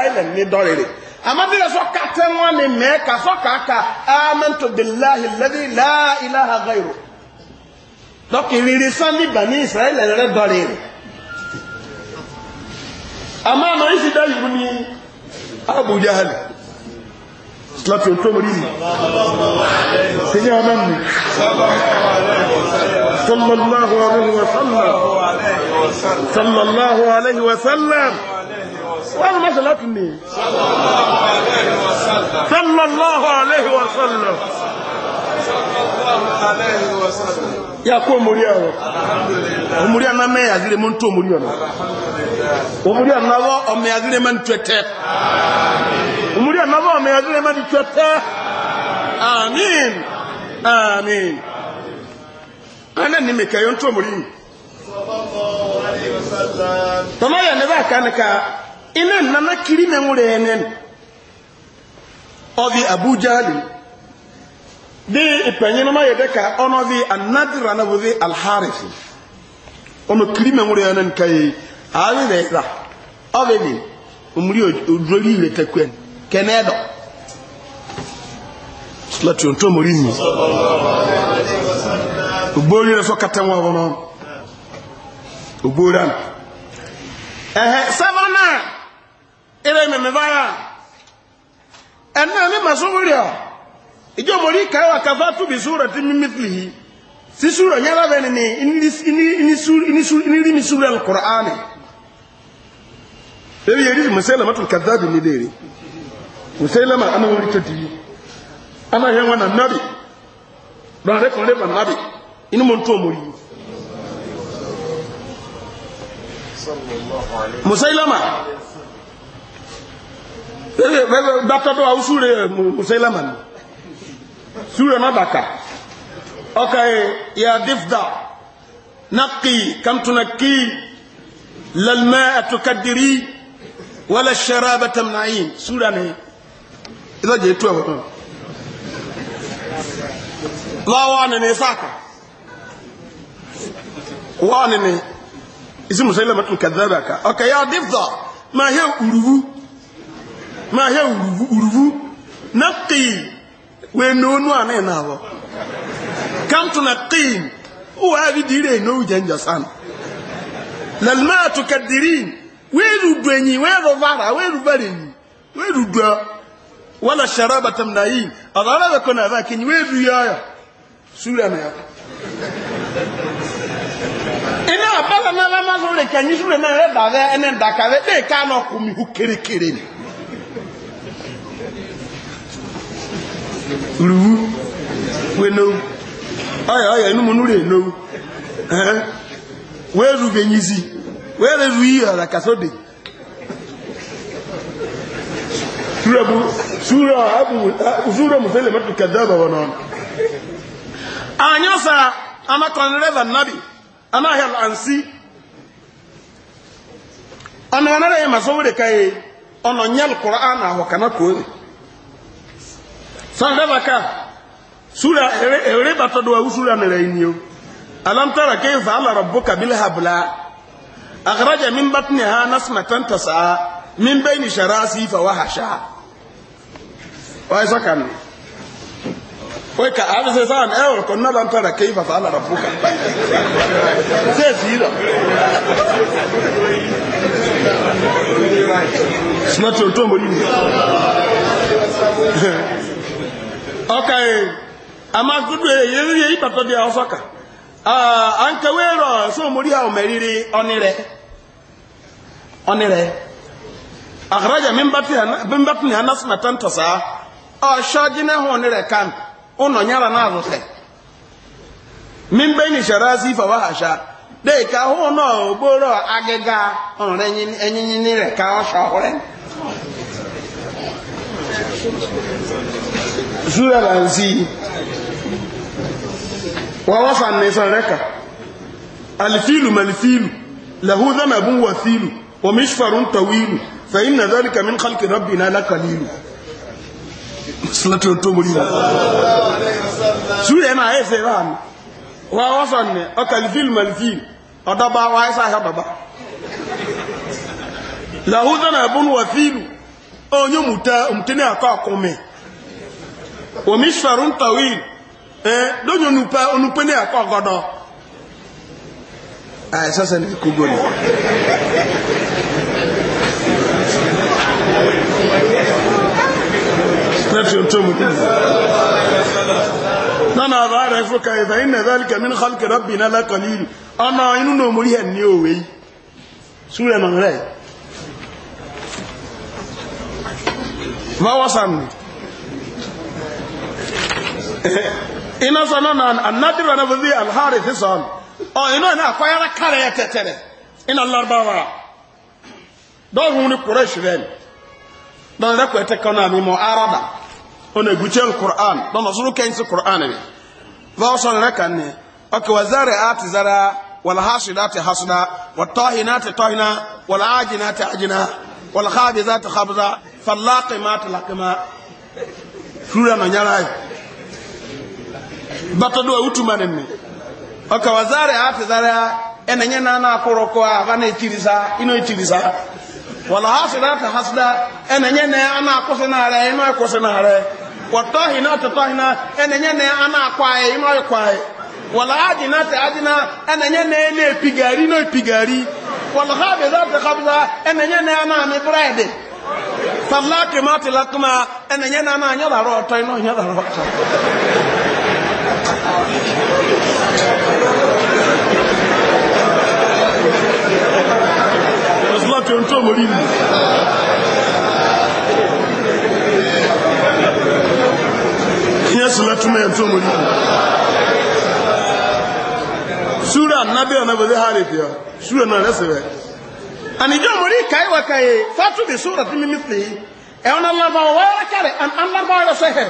amabila sɔ kata ŋwa mi mɛ ka sɔ kaka amantu bilahi ladi laa ilaha gairu dɔki riri sanni bani israeli yɛrɛ dɔri rɛ ama na isi da yuru ni abu jahali silati o tomori ma sɛnyɛ wa mɛmu sallallahu alaihi wa sallam sallallahu alaihi wa sallam wọ́n mọ́ sọ́lọ́tún ní sallallahu alaihi wasallam ya kó omori ọ̀rọ̀ omori ọ̀nà mẹ́ àgírí mọ́ tó omori ọ̀nà omori ọ̀nà wọ́ ọmọ àgírí mọ́ tó ẹ̀tẹ́ omori ọ̀nà wọ́ ọmọ àgírí mọ́ tó ẹ̀tẹ́ amin amin ana ni mẹ́kẹ́ yóò tó omori yìí tọ́mọ́ yẹn ní bá ina nana kiri na nwere enen ovi abuja li di ipenye na maye deka ono vi anadira na buzi alharifi ono kiri na nwere enen kai ari da ira ovi ni umri odrori ile tekwen kenedo lati onto mori ni ogbori refo katanwa wono ogbori ana ehe sabana ire mẹmẹ báyà ẹnna ní masomoriya ìjọ mọ̀rí káyọ̀ kafa tóbi sóra tí mímí tìlì yìí sí sóra yẹn lábẹ́ ni ní mi sóra alukur'ani ebi yeri musailama tó kàdáàbì ní léèrè musailama ana wọlé tó dìbí ana yẹn wọn na nabi lọ́nà kan lẹ́fà nabi inú mọ̀ tó mọ̀ yìí. musailama. dátọ́tọ́ àwọn súre mùsùlùmí súre má bàtà yà dífdà نقي كم تنقي الماء تكدري ولا الشراب تمنعين سورة إذا جئتوا لا وانني ساكا وانني اسم سيلمة كذابك أوكي يا دفضة ما هي أروه máa yẹ wùrùwú na kìí wèé nónú àná ẹ̀ náà wọ kàmtù na kìí ó wàá rí dìrè nónú jẹ́njọ sàn lẹ́lẹ́mà àtúkẹ́ dìrì wéèrú du ẹ̀yìn wéèrú vara wéèrú bẹ̀rẹ̀ ẹ̀yìn wéèrú du ọ wọn na ṣẹ̀rọ bàtàm náà yìí ọ̀rọ̀ ọ̀rọ̀ bẹ̀ kọ́ náà bá kìí wéèrú yọ ọ súrẹ̀ náà iná àbálẹ̀ náà lámà sọ̀rọ̀ uruwu wee no ọya ọya inu mụnụ ree n'owu wee rubenyizi wee reru ihe ala kaso sura musalimatu kadaba wa non ọnụ anakon reva nabi anahel ansi ọnụ ọnara ya masọ were ka ya ọnọ nyel kụrụ a na na sandabaka sura ere bato do wa sura nere inyo alam tara kayfa ala rabbuka bil habla akhraja min batniha nasmatan tas'a min bayni sharasi fa wahasha wa isakan Wai ka abi sai sa'an ewar kunna lan tara kayfa fa ala rabbuka sai zira Snatch your tombo ni okay amagudu eyeri eyi papa bi ọsọka ah anke wero so mori a omeriri onire onire akhraja min batni anasị na anas matan tasa o shoji na ụnọ onire nyara na azute min beni sharazi fa wahasha dị ka ho no ogboro agịga onre enyin enyin ka ọsha ọhụrụ. sura lanzi wa wafa nisan reka alfilu malfilu lahu dhanabun wathilu wa mishfarun tawilu fa inna dhalika min khalqi rabbina laqalilu salatu to muri sura ma ese ran wa wafa ne akalfilu malfilu odaba wa isa ha baba lahu dhanabun wathilu onyo muta mtene akọ akome ومشفر طويل إيه دون ينوبا ونوبني أكو غدا أساسا كوبوني nana abaara ifuka ifa ina dhalika min khalqi rabbina la qalil ana inu no muri hen ni owe sura man rai ma wasamni ina sana na annadira na bi alhari hisan o ina na akwayara kare ya tetere ina larbawa dogun ni quraish ven don da ko te kana mi mo araba ona guche alquran don zuru kan si qur'an ne ba so ne kan ne ok wazare ati zara wal hasidati hasna wat tahinati tahina wal ajinati ajina wal khabizati khabza fallaqimat laqima sura na Bata batodoa utumane mi oka wazare hafi zara enenye na na akoro ko abana itiriza ino itiriza wala hasida ta hasida enenye na ana akose na ara ino akose na ara watahi na tatahi na enenye na ana akwae ino akwae wala ajina ta ajina enenye na na epigari ino epigari wala habida ta habida enenye na na me bread fallaqimati laqma enenye na na nyala ro to ino nyala ro ọjọ́ tó mọ̀rí mú. Ìyẹn sì látún mẹ́rin tó mọ̀rí mú. Súra nábẹ́ ọ̀nà bẹ̀rẹ̀ ha rèé fìyà, súra náà rẹ̀sì rẹ̀. Ànìjọ́ mọ̀rí káyíwá káyé, fátúbì súra tí mímí pè é, ẹ̀wọ̀n lọ́mọ wọ́n rẹ̀ kárẹ̀, àwọn lọ́mọ rẹ̀ sẹ́hẹ̀,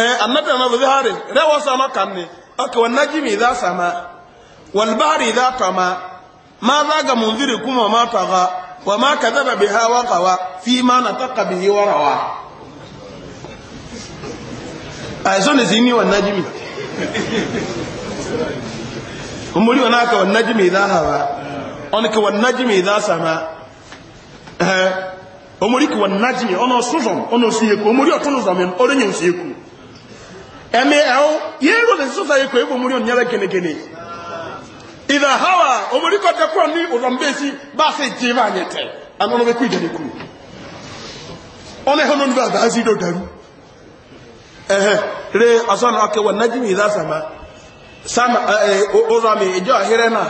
Eh, annabi na zai harin rewa sama kan ne aka wannan jimi za sama walbari za ta ma ma za ga munziri kuma ma ta ga wa ma ka zaba bi hawa kawa fi ma na taka bi warawa a yaso ne zini wannan jimi kumuri wani aka wannan jimi za hawa wani ka wannan jimi sama eh, omori ki wannan jimi ono suzon ono siyeku omori otun zamin orinyin ẹ̀mí ẹ̀hún yẹ́ rò lè sọ́sà ikọ̀ ẹgbò múrí hawa omorikọta kúrò ní ọ̀dọ̀mbẹ́sí bá a sì jẹ́ bá yẹn tẹ̀ àwọn ọmọ ẹkú ìjẹ̀lẹ̀ kú ọmọ ẹ̀hún ní bàbá sí ìdó dàrú ẹ̀hẹ́ rẹ sama sama nájìmí ìdá sàmà sàmà na ìjọ àhírẹ́ náà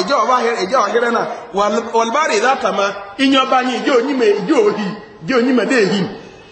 ìjọ ọba ìjọ àhírẹ́ náà wàlbárì ìdá tàmà ìyọba ní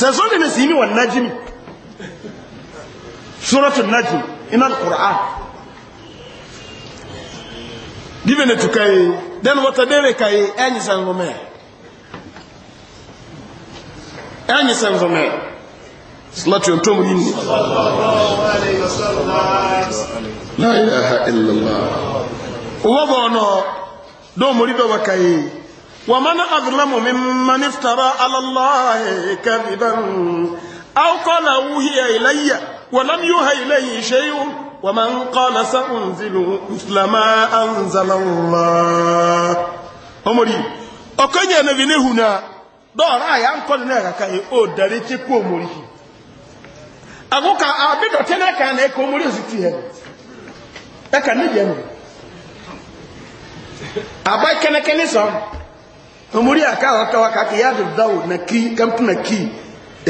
sẹ́sọ́ ni mi sì ní wọ̀n nájìm ṣúrọ́tù nájìm iná kùrán given it to kai then what are they kai any sango me any sango me salatu yon la ilaha illallah uwa bono do murido wa kai ومن أظلم ممن افترى على الله كذبا أو قال أوهي إلي ولم يوهى إليه شيء ومن قال سأنزل مثل ما أنزل الله أمري أكن ينبني هنا دورا ينقل نغاكا أو داريتي كومري أغوكا أبدا تنكا نكومري ستيه أكا نجمع أبا كنكني سام omori aka ọka wa kaka ya dadawo na ki kampu na ki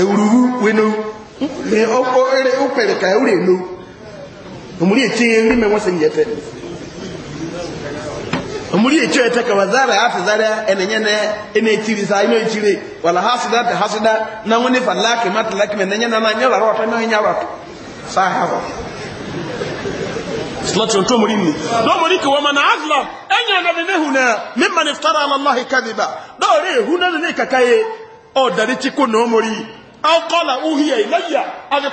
ewuruwu wenu le ọkọ ere ukpere ka ewure enu omori eche ya nri menwe se nyete omori eche ya teka zara hafi zara enenye na ene etiri sa ino etiri wala hasida ta hasida na wani falaki matalaki menenye na na nyara rọta na nyara rọta sa ha rọta slati onto muri ni do muri ki wama na azla enya na bene huna mimma niftara ala allah kadhiba do re huna ne kakaye o dari ti ko no muri aw qala uhiya ilayya ave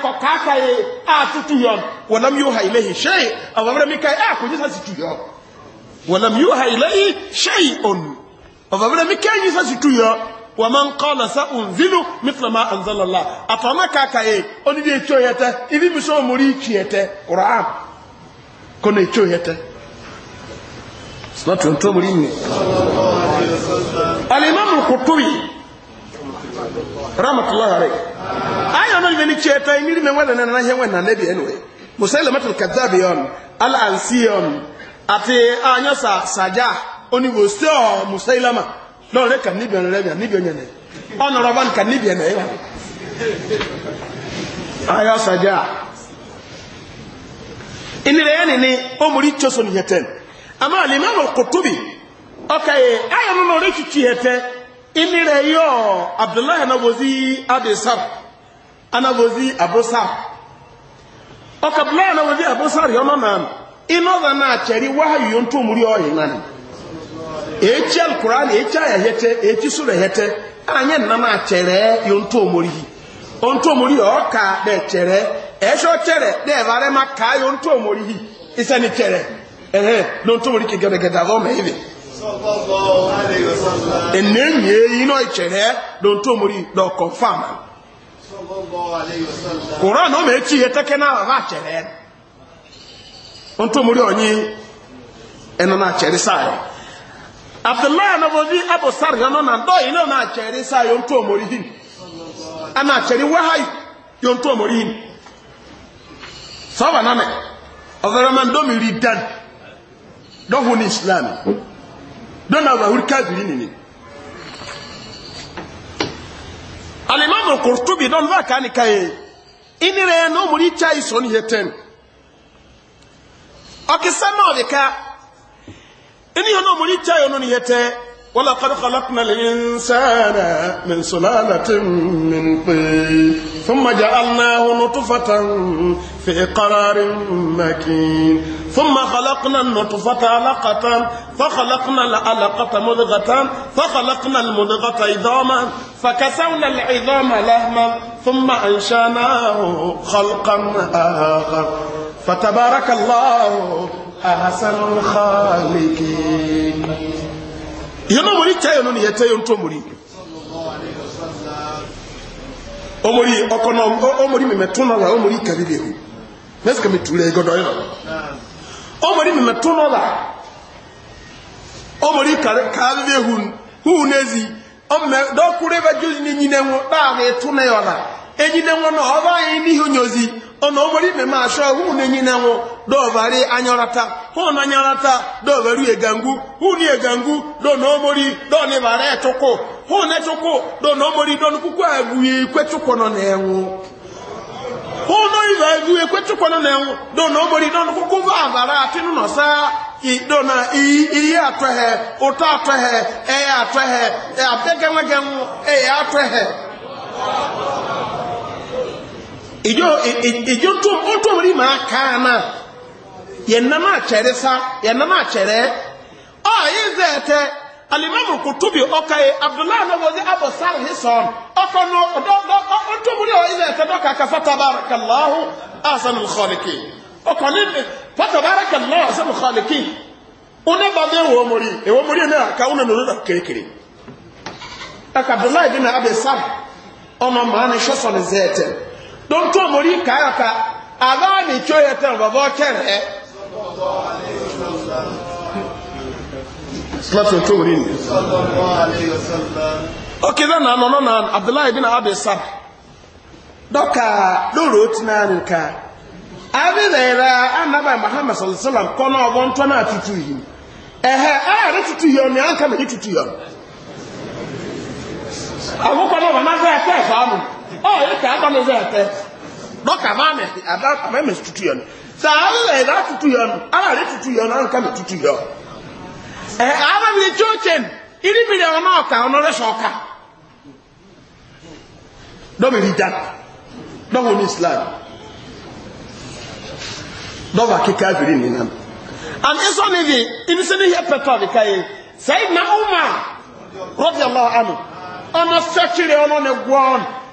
yon walam yuha ilayhi shay aw amra mika yon walam yuha ilayhi shay'un aw amra mika jisa yon ومن قال سأنزل مثل ما أنزل الله أطلع كاكاي أني دي تشويته إذا مشو مريكيته قرآن kɔnɔ etsi ohɛtɛ sinɔtɔ ntomri nyi alimami kutuyi rahmatulahi alayhi ayi ɔnɔ yɛ ni tsi ɛtɔ yi niri mɛ wɛlɛ nana yɛ wɛ nana bi ɛnu yɛ musa yɛ lɛmɛtɛl kadabi yɔn ala ansi yɔn ati anyɔ sa sadza oniwo sɛ ɔ musa yɛ lama lɔri rɛ ka nibi ɔnɔ rɛ bi a nibi ɔnyɛ nɛ ɔnɔ rɔba ni ka nibi inire yani ni omuri choso ni heten ama limamu kutubi okaye aya nono rechi chihete inire yo abdullah anawozi abisar anawozi abosar oka abdullah anawozi abosar yono na inova na cheri wahayu yontu omuri oyi nani echi alquran echi aya hete echi sura hete anya nna na chere yontu omuri hi onto omori oka de chere esho chere de vare makayo onto omori hi isani chere ehe no onto omori kigere geda zo mebe sallallahu alaihi wasallam enenye ino e chere no onto omori do confirm sallallahu alaihi wasallam quran o me chi yeteke na va chere onto omori onyi eno na chere sai abdullahi anabozi abosar gano na do ino na chere sai onto omori hi ana akyɛre wahayi yonto omori him saa wa name ɔfɛrɛman dɔmi ri dan dɔho ne islam dɔn na wahuri kabiri nini alimami kurtubi dɔn ba kaa ni ka ye inire yɛ n'omori kya yi sɔ ni yɛ tɛn ɔkisɛ naa ɔdi ka ini yɛ n'omori kya yi ni yɛ ولقد خلقنا الإنسان من سلالة من طين ثم جعلناه نطفة في قرار مكين ثم خلقنا النطفة علقة فخلقنا العلقة مضغة فخلقنا المضغة عظاما فكسونا العظام لهما ثم أنشأناه خلقا آخر فتبارك الله أحسن الخالقين Ihe omori kyɛ yɛn no ni yɛ kyɛ yɛn to omori omori ɔkɔnɔ omori mɛmɛ to nɔla omori kabi bi ehu mɛsi kɛmɛ tuure gɔdɔ yɛ lɔ ehu hu n'ezi ɔmɛ dɔkure bɛ nyinɛ ŋo daa to ne yɔ o omori mẹ́mà aṣọ hùn ní yínà wọn dọ́ọ̀bàrí anyọ́rata hùn anyọ́rata dọ́ọ̀bàrí ègangú hùn ní ègangú dọ́ọ̀nà omori dọ́ọ̀nì bàrẹ́ ẹ̀tọ́kọ hùn ẹ̀tọ́kọ dọ́ọ̀nà omori dọ́ọ̀nù kúkú àgùyè kwẹ́tùkọ̀ nọ n'ẹ̀wọ̀n hùn ní ìlà àgùyè kwẹ́tùkọ̀ nọ n'ẹ̀wọ̀n dọ́ọ̀nà omori dọ́ọ̀nù kúkú bá àbàrà ìjọ tó mọ̀rí máa káà náà yẹ̀nàmà àkyẹ̀rẹ́ sá yẹ̀nàmà àkyẹ̀rẹ́ ọ̀ yìí zẹ̀ ẹ̀tẹ́ alimamu kutubi ọkà yìí abdullahi náà wọ́n di abọ̀ sáré ní sọ̀n ọkọ̀ nù ọ̀tọ́mọ̀rí ọ̀ yìí zẹ̀ ẹ̀tẹ́ dọ́kà kà fatabarakallahu asan lukọ̀lìkì ọkọ̀ ní fatabarakallahu asan lukọ̀lìkì ọ̀nà bàbá ẹ̀wọ̀ mọ̀rí ẹ̀wọ̀ mọ̀rí ẹ̀ náà kà ọ̀nà nùrọ̀ kékeré ẹ̀ka abdullahi bin abẹ sáré ọ̀nà màá ní sọ́sọ̀ ní zẹ̀ ẹ̀tẹ́ don tó mori kayaka aláàmì tí ó yẹ tẹ́ bàbá ọkẹ́rẹ́ láti tó rí ni ókè náà abdullahi bin abi sab dọ́kà lóòrò ó náà nìka abinayira anaba muhammad sallallahu alaihi wasallam kọ́ náà náà tutù yìí ẹ̀hẹ́ ẹ̀rẹ́ tutù yìí tutù yìí ọ̀rẹ́ kà á bá mi zẹ́ ẹ̀tẹ́ lọ́kà má mi àbá mi tutù yẹn sà á lẹ̀ ẹ̀dá tutù yẹn ara rẹ̀ tutù yẹn ara nǹkan mi tutù yẹn ẹ̀ ara mi tí ó kyẹn ìdí mi rẹ̀ ọ̀nà ọ̀kà ọ̀nà rẹ̀ sọ̀ ọ̀kà dọ́mi rí dá dọ́wọ́ ní islam dọ́wọ́ kíkà fìrí nìyẹn àmì sọ́ni bi ìdí sẹ́ni yẹ pẹ̀tọ́ àbíká yẹn sẹ́yìn náà ó mà rọ́bì ọlọ́wọ́ àná ọ̀nà sẹ́kìrì ọ̀nà ni gbọ́ọ̀nù.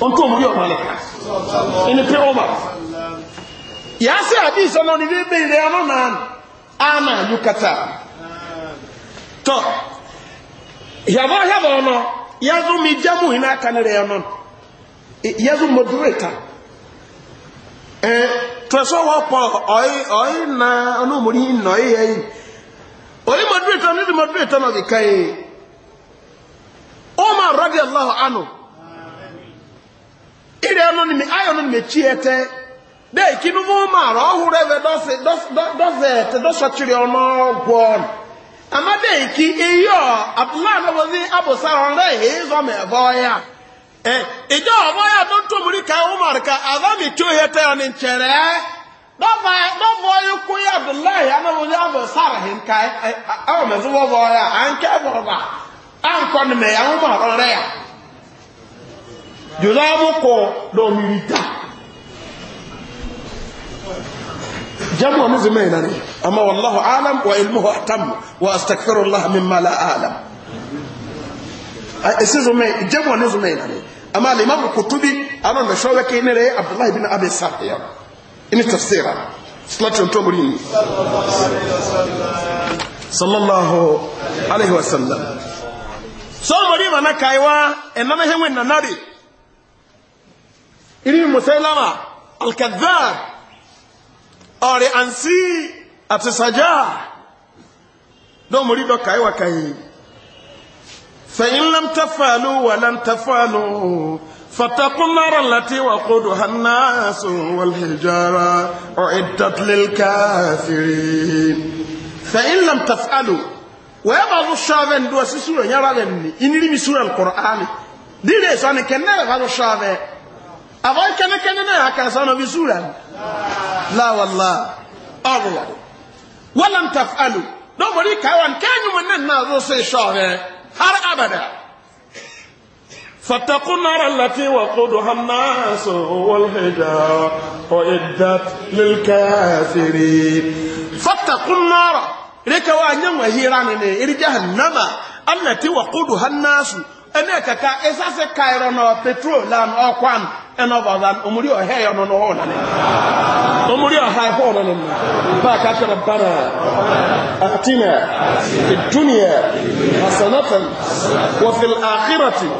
ohun tó mú yọ ọ̀pọ̀lẹ̀ ẹni pé ọba yà á sí àbí ìsọ́nà ní bí bèèrè ọmọ náà àmà yukata tọ́ yàbọ̀ yàbọ̀ ọ̀nà yàzú mi jẹ́mù iná kanirẹ̀ ọ̀nà yàzú moderator ẹ tọ́sọ́ wọ́pọ̀ ọ̀yìn na ọ̀nà òmùrí ìnà ẹ̀yẹ yìí orí moderator ní di moderator náà kìkà umar radiyallahu anhu ire ọnụ n'ime ayọ ete dee kinu ọhụrụ ebe dọsa ete ọnụ ọgwụ ama amade ki eyi ọ abdullahi anabozi abusara ọnụ ehe ịzọ ma ọya ịjọ ọbọ ya tó tóbiri ka umar ka azami ya ya anke ankɔ ne mɛ yawo ma ɔrɛ ya yosabu kɔ lɔmiri ta jamu wani zama yana ne amma wallahu alam wa ilmuhu atam wa astaghfirullah mimma la alam ese zama jamu wani zama yana ne amma al-imam kutubi ana da shawo kai ne rai abdullahi bin abi sahiya in tafsira sallallahu alaihi wasallam sallallahu alaihi wasallam sọ́mọ̀rí màná kàíwá ẹ̀nàmẹ́ hẹ́wẹ̀ nànárì irí musailama alkadá ọ̀rẹ́ àǹsí àti sàjá dọ́mọ̀rí dọ́ kàíwá kàí fẹ̀yìn lámtafàlú wà lámtafàlú فاتقوا النار التي وقودها الناس والحجارة أعدت للكافرين فإن لم تفعلوا ويبعض الشافين دو سسورة يا راجلني إني لي بسورة القرآن دي لي سانة كنا بعض الشافين أقول كنا كنا نا كنا بسورة لا والله أقول ولم تفعلوا دو بري كوان كان يمنا نا دو هر أبدا فاتقوا النار التي وقودها الناس والحجارة وإدت للكافرين فاتقوا النار reka wa nya wa hira ne ne iri jahannama annati waquduha an-nasu ene kaka esa se kairo no petrol an okwan eno badan omuri o heyo no no hola ne omuri o hay hola ne ba ka tara bana atina fi dunya hasanatan wa fil akhirati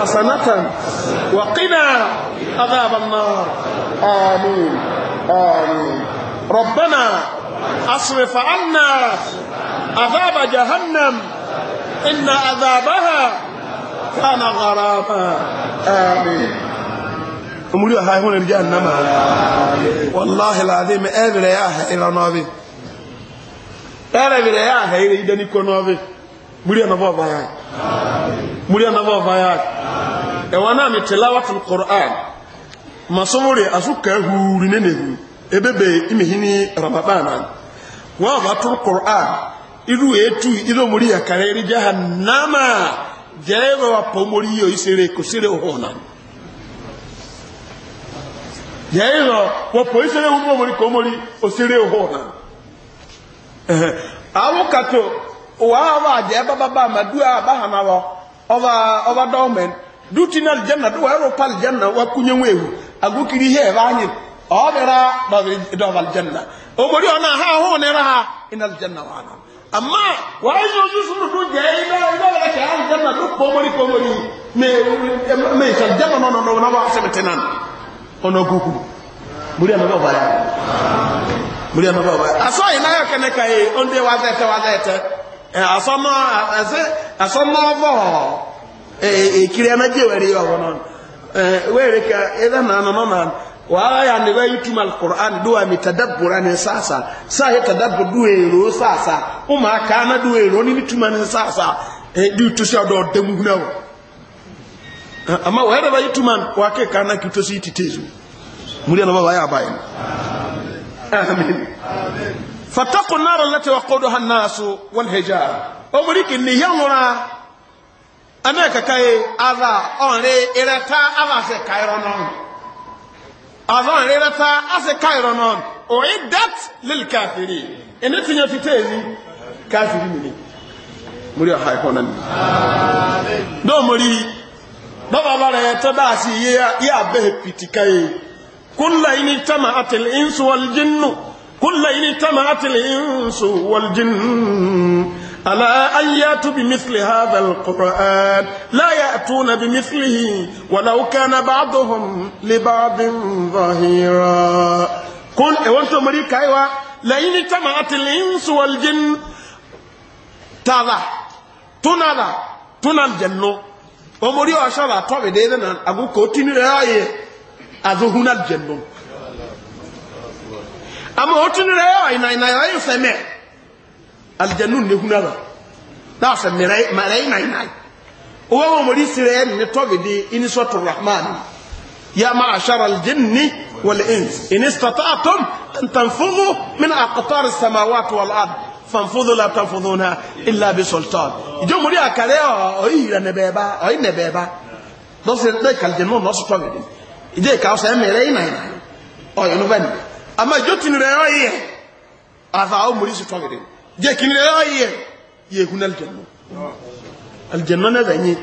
hasanatan wa qina adhab an-nar amin amin ربنا أصرف عنا عذاب جهنم إن عذابها كان غراما آمين أمريو هاي هون الجهنم والله العظيم أهل يا إلى نوبي أهل يا إلى إدني كنوبي مريو نبوا فياك مريو نبوا فياك إوانا متلاوة القرآن ما صوري أسوك هوري ننهو ebebe imihini ramadana wavatul qur'an iru etu ilo muri ya kareri jahannama jaiba wa pomori yo isere kusire uhona jaiba wa po isere umo muri komori osire uhona eh awu kato wa wa jaiba baba madua bahana wa ova ova domen dutinal janna do wa ropal janna wa kunyenwewu agukiri he banyin ọbẹra dọbẹ aljanna omori ọna ha ahụ nira ha ina aljanna wa ana amma wa ayi oju sunu dun jẹ ina ina wẹrẹ kẹ aljanna dun pomori pomori mẹ mẹ isa aljanna nọ nọ nọ wa sẹbẹtẹ nan ọna ogogu muri ama bẹ ọba ya muri ama bẹ ọba ya asọ yìí n'ayọ kẹne ka yi onde wa zẹ tẹ wa zẹ tẹ ẹ asọ nọ ẹsẹ asọ nọ bọ ẹ ekiri ẹnagye wẹrẹ yọ ọwọ nọ ẹ wẹrẹ ka ẹ dẹ nà nọ waya ne wa yutum alquran duwa mi tadabbura ne sasa sa ya tadabbur duwe ro sasa uma kana duwe ro ni mituma ne sasa e eh, du to sha do demu na wo eh, amma wa da tuman wa ke kana ki to si titezu muri na baba ya bai amin amin fataqu an-nar allati waqudaha an-nas wal hijar o muri kin ni yanura ana ka kai aza onre irata ava se kairo non azɔn rere ta ase kairo nɔn o ye dat lili kafiri ene ti ɲɛ ti te yen kafiri mini mori a hayi kɔnɔ ni. dɔw mori dɔw b'a la yɛ tɛ b'a si ye i y'a bɛɛ pitika ye kula i ni tama a tɛli insu wali jinnu kula i insu wali jinnu. ألا أن يأتوا بمثل هذا القرآن لا يأتون بمثله ولو كان بعضهم لبعض ظهيرا قل وانتم مريكا أيوة لئن اجتمعت الإنس والجن تالا تنالا تنال جنو ومريو أشارة طبي دينا أقول كوتيني رأي أذهون الجنو أما أوتيني رأي أين أين أين أين aljanun ne hunara da sa mirai marai nai nai o wa mo ri sire en ne to gidi in suratul rahman ya ma'ashara aljinni wal ins in istata'tum an tanfudhu min aqtar as-samawati wal ard fanfudhu la tanfudhuna illa bi sultan ijo mo ri akare oh, o ira ne beba o ne beba do se de kaljanun no so to gidi ije ka so mirai nai nai o yo ben ama jotin re o ye afa o mo so to jẹ́kìnrin ráyẹ̀ yẹ̀hún aljanna aljanna na zanyi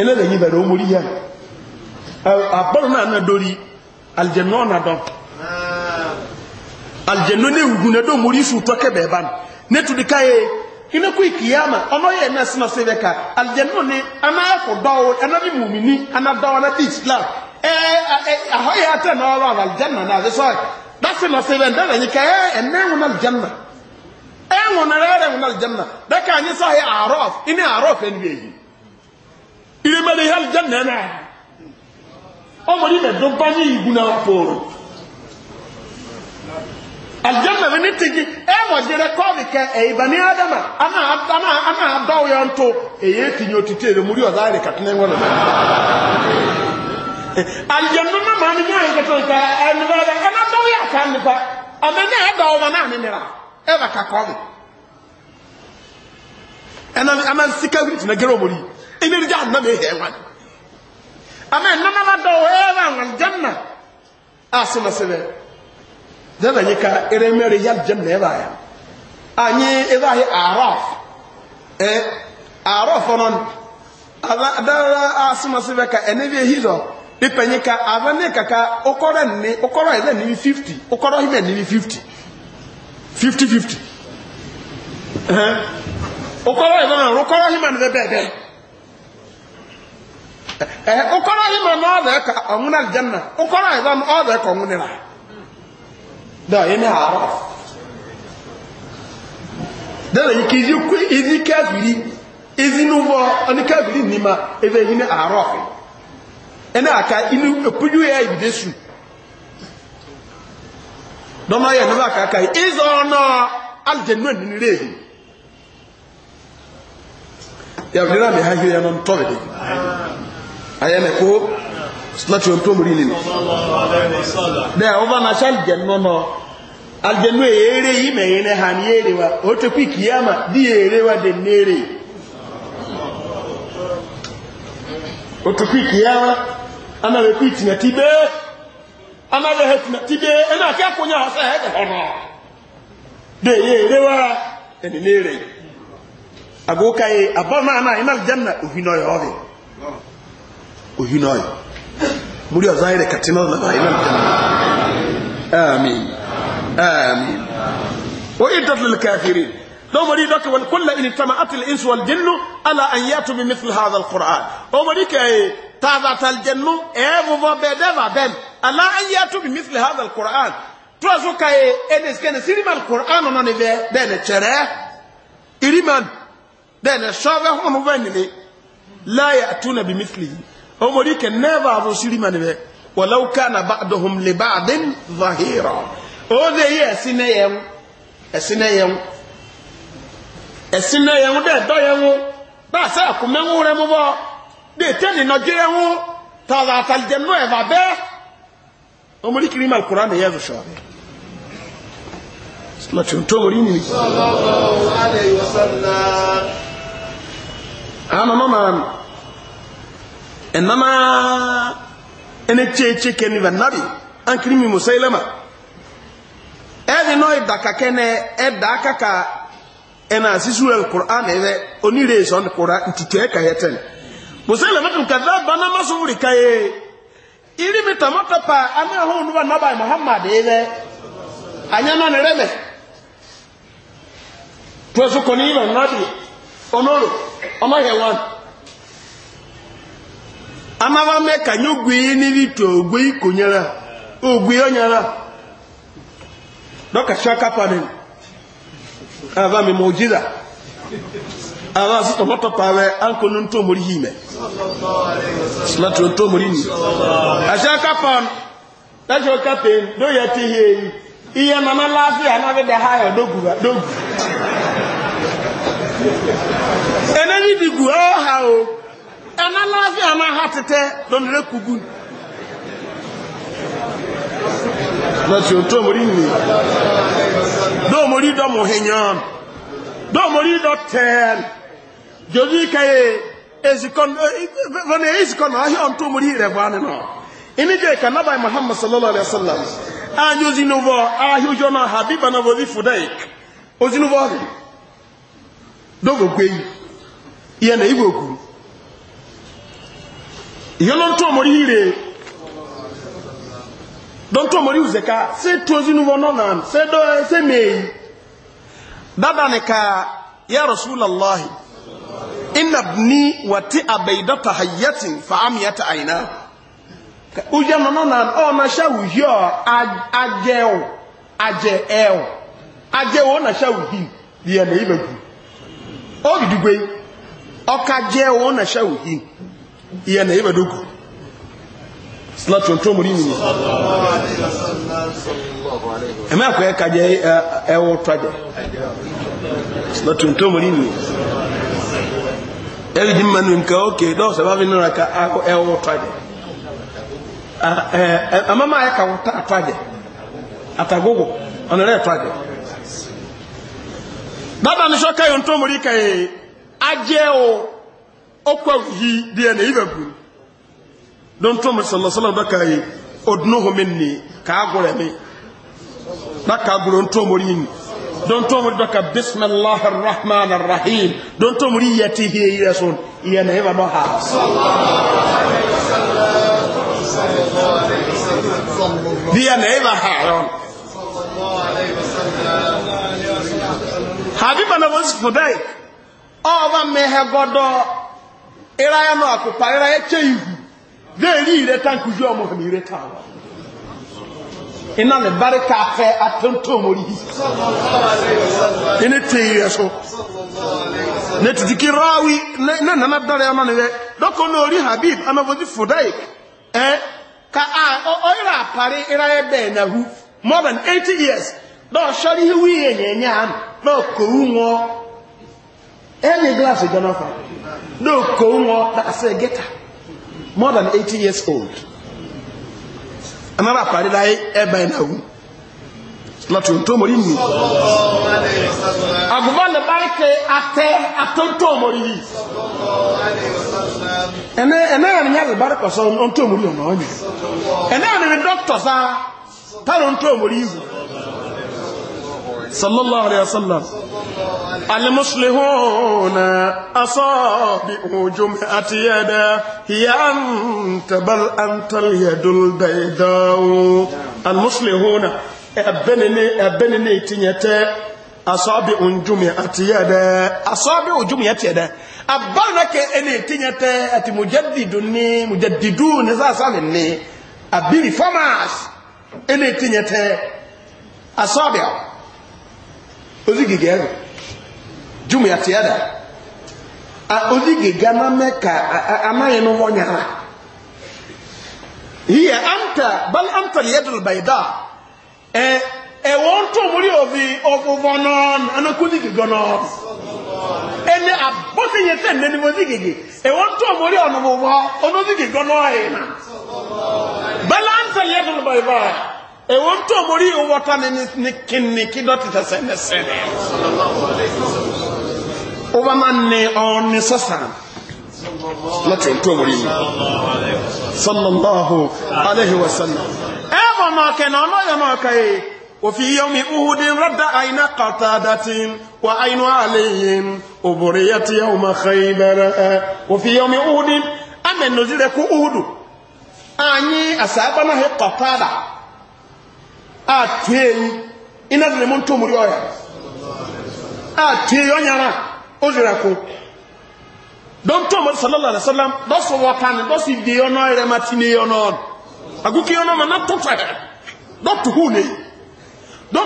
ina zanyi ba da omori ya abar na na dori aljanna na don aljanna ne hugu na don mori su to kebe ban ne tudi kaye ina ku ikiyama ono ye na sima sebe ka aljanna ne ana ya ko dawo ana bi mumini ana dawo na ti islam eh e, ahoya ta na ora aljanna na ze so that's not seven that ẹ̀wọ̀n náà rẹ̀ rẹ̀ wọn náà jẹ́mìnà dẹ́ka anyi sáyé àárọ̀f iná àárọ̀f ẹni bẹ́ẹ̀ yìí ìrẹ́mẹ́lẹ́ yẹn jẹ́mìnà náà ọmọ ní mẹ́dọ́ bá ní ìgbù náà pòrò aljanna bi ni tigi e mo dire ko bi ke e ibani adama ana ana ana adaw ya nto e ye ti nyoti te na ma ni ya ana adaw ya kan amene adaw ma na ni ɛba kakɔbi ɛnam aman sika wiri tina gero omori ɛniri gya anam ehia ɛwan ama ɛnam dɔw ɛba na yi ka eremere ɛba ya anyi ɛba arɔf ɛ arɔf dara na ka ɛnɛ ehi dɔ pípẹ́ ava ne kaka okɔrɔ fifty fifty okoro ìbọn okoro hima ni bẹ́ẹ̀ bẹ́ẹ̀ okoro hima náà ọ̀dọ̀ ẹ̀ka ọ̀hún náà jẹ́ nà okoro ìbọn ọ̀dọ̀ ẹ̀ka ọ̀hún nira dọ̀ yìí ní àárọ̀ dẹ́rẹ̀ yìí dɔmɔ yɛ nɔba kaka yi izɔnɔ alijɛnua nini re yi yabere na mi ha hiri ɛnɔ ntɔ bɛde ayɛ na ko sinatɔ ntom ri nini dɛ ɔba na hyɛ alijɛnua nɔ alijɛnua yɛ ere yi mɛ yɛ ne ha ni ere wa o te pi kiyama di yɛ ere wa de ne ere o te pi kiyama ana bɛ pi tiɲɛ ti bɛɛ amadu hɛtuma ti de ɛna kí akonya ɔsɛ ɛdi hɔ nɔ de ye ere wa ɛni n'ere agoka ye abɔmaa naa ina janna ohinɔ yɛ ɔbi ohinɔ yɛ muri ɔzɔ ayɛlɛ katina ɔna naa ina janna amin amin o yi dɔtili kafiri dɔwɔri dɔkɛ wali kola ini tama ati la insu wali jinnu ala an yaatu bi mithili hadha al qur'an o wali kɛ ye. تابعة الجنة ايبو بدفع بن ألا أن يأتوا بمثل هذا القرآن ترسو كاي إنس كان سيرما القرآن ونانيفي دين تشري إريمان دين شابه ونوفيني لا يأتون بمثله هم ليك نيفا أبو سيرما نيفي ولو كان بعضهم لبعض ظهيرا أو هي أسينيهم أسينيهم أسينيهم ده ده يمو بس أكو من غير مبارك dèétẹ́ nínú jẹ́ wọn tààzà àtàlìjẹ́ nínú ẹ̀fà bẹ́ẹ̀ ọmọ ní kiri máa kúrò àmì yẹ́rù sọ rẹ̀ lọ́tún tó wọrí nìyí. àwọn ọmọ màá ẹ̀nàmá ẹni ankiri mi musa ilẹ̀mà ẹni náà ìdàkàkẹ́ ní ẹ̀dà kaka ẹ̀nà àṣìṣú ẹ̀ kúrò àmì yẹ́ oníire ìsọ̀ kúrò ntìtẹ́ kàyẹ́tẹ̀ musele matu kadhab bana masuburi kaye ili mitamata pa ana ho nuba nabai muhammad ile anyana nereme tuwezo koni ile nabi onoro ona hewan ama ba me kanyo gwi ni rito gwi kunyara ogwi onyara doka shaka panen ava mi muujiza aba sito mata pawe an kunun to muri hime sallallahu to muri ni asha kapan tasho kapen do yati hei iya mama lafiya na be haya dogura dogu enani digu ha o ana lafiya na hatete don re kugu sallallahu to muri ni do muri do mo henyan do muri do ten jodi kaye ezikon vane ezikon ahia onto muri rebane no ini je kanaba muhammad sallallahu alaihi wasallam anyo zinuvo ahio jona habiba na vodi fudaik ozinuvo dogo gbeyi iye na igwe okwu iye no nto muri ire don to muri uzeka se to zinuvo no nan se do se mei baba ka ya rasulullahi inna bni wati abaidata hayyatin fa amiyata aina uja nono na ona shawhi o aje o aje e o aje o na shawhi ye na ibegu o bidugwe o ka je o na shawhi ye na ibedugu salatu to muri ni sallallahu alaihi wasallam ema ko e ka je e o traje salatu to muri ni ebi dị mma nke oke dọọsọ ebe abịa ka ahụ ewu twaje amama ya ka wụta atwaje atagwụgwụ ọ nọrọ etwaje dada n'isọ ka yọntọ mụrụ ka aje dị ya na ibe gwuru dọntọ mụrụ sọlọ sọlọ dọ ka odunuhu ka agwụrụ eme agwụrụ mụrụ don to mo doka bismillahir rahmanir rahim don to mo yati he yasun iya na heba no ha dia na heba ha yon habiba na wos fudai ova me he godo iraya no akupa iraya cheihu de ri ire tankuju omo mi ire tawa ina ne barika afɛ atontom ori yi ne te yi yɛ so ne tutiki rawi ne nana dɔre ama ne yɛ dɔkɔ ne ori habib amafɔti fudai ɛ ka a ɔyira apari ira yɛ bɛn na hu more than eighty years dɔw sɔri yi wi yɛ nyɛnyɛ ano dɔw kowu ŋɔ ɛ nye glass gana fa dɔw kowu ŋɔ that's a more than eighty years old ẹmọ́ bá parí láyé ẹbà iná wù láti ohun tó mọ̀rí nù àgùnbá ní báyìí pé atẹ́ atọ́ntọ́ mọ̀rí yìí ẹ̀nẹ́ ẹ̀rìn yàrá ìbára kọ̀sọ́ ohun tó mọ̀rí ọ̀nà ọ̀yìn ẹ̀nẹ́ ẹ̀rìn dọ́kítọ̀ sáà táwọn ohun tó mọ̀rí yìí صلى الله عليه وسلم المصلحون أصابئه جمعة يدا هي أنت بل أنت اليد البيضاء المصلحون أبنني أبنني تنيت أصابئ جمعة يدا أصابئ جمعة يدا أبنك أني تنيت أتي مجددني مجددون ساسالني أبيني فماس أني تنيت أصابئ ozigige ɛrɛ jumia tia da a ozigige amamɛ ka amayɛ no hɔ nyara hiya amta bal anta liyadul bayda e ɛwɔn e tó omori ovi ɔfofo nɔn anakuni gigɔ nɔn ɛnɛ abɔsi yɛ sɛ nɛni mo zigigi ɛwɔn e tó omori ɔnubobɔ ɔnubigigɔ nɔn yɛ na bal ewo ń tó mori wọta ni kìnnì kí dọ́tí tẹsẹ̀ ní sẹ́lẹ̀. ó bá máa ní ọ̀ọ́ni sọ́sàn láti ń tó mori ni sallallahu alayhi wa sallam. ẹ mọ̀ náà kẹ́nà ọ̀nà yẹn náà kà yìí òfin yomi uhudin rada aina qatadatin wa ainu alayhim uburiyati yawma khaybar òfin yomi uhudin amẹnuzi rẹ kú uhudu anyi asaba he qatada atue yi ina de mo nto muri oya atue yo nyara ozira ko don to mo sallallahu alaihi wasallam do so wa pan do si de yo no re matini yo no aguki yo no ma na to fa do to hu ne don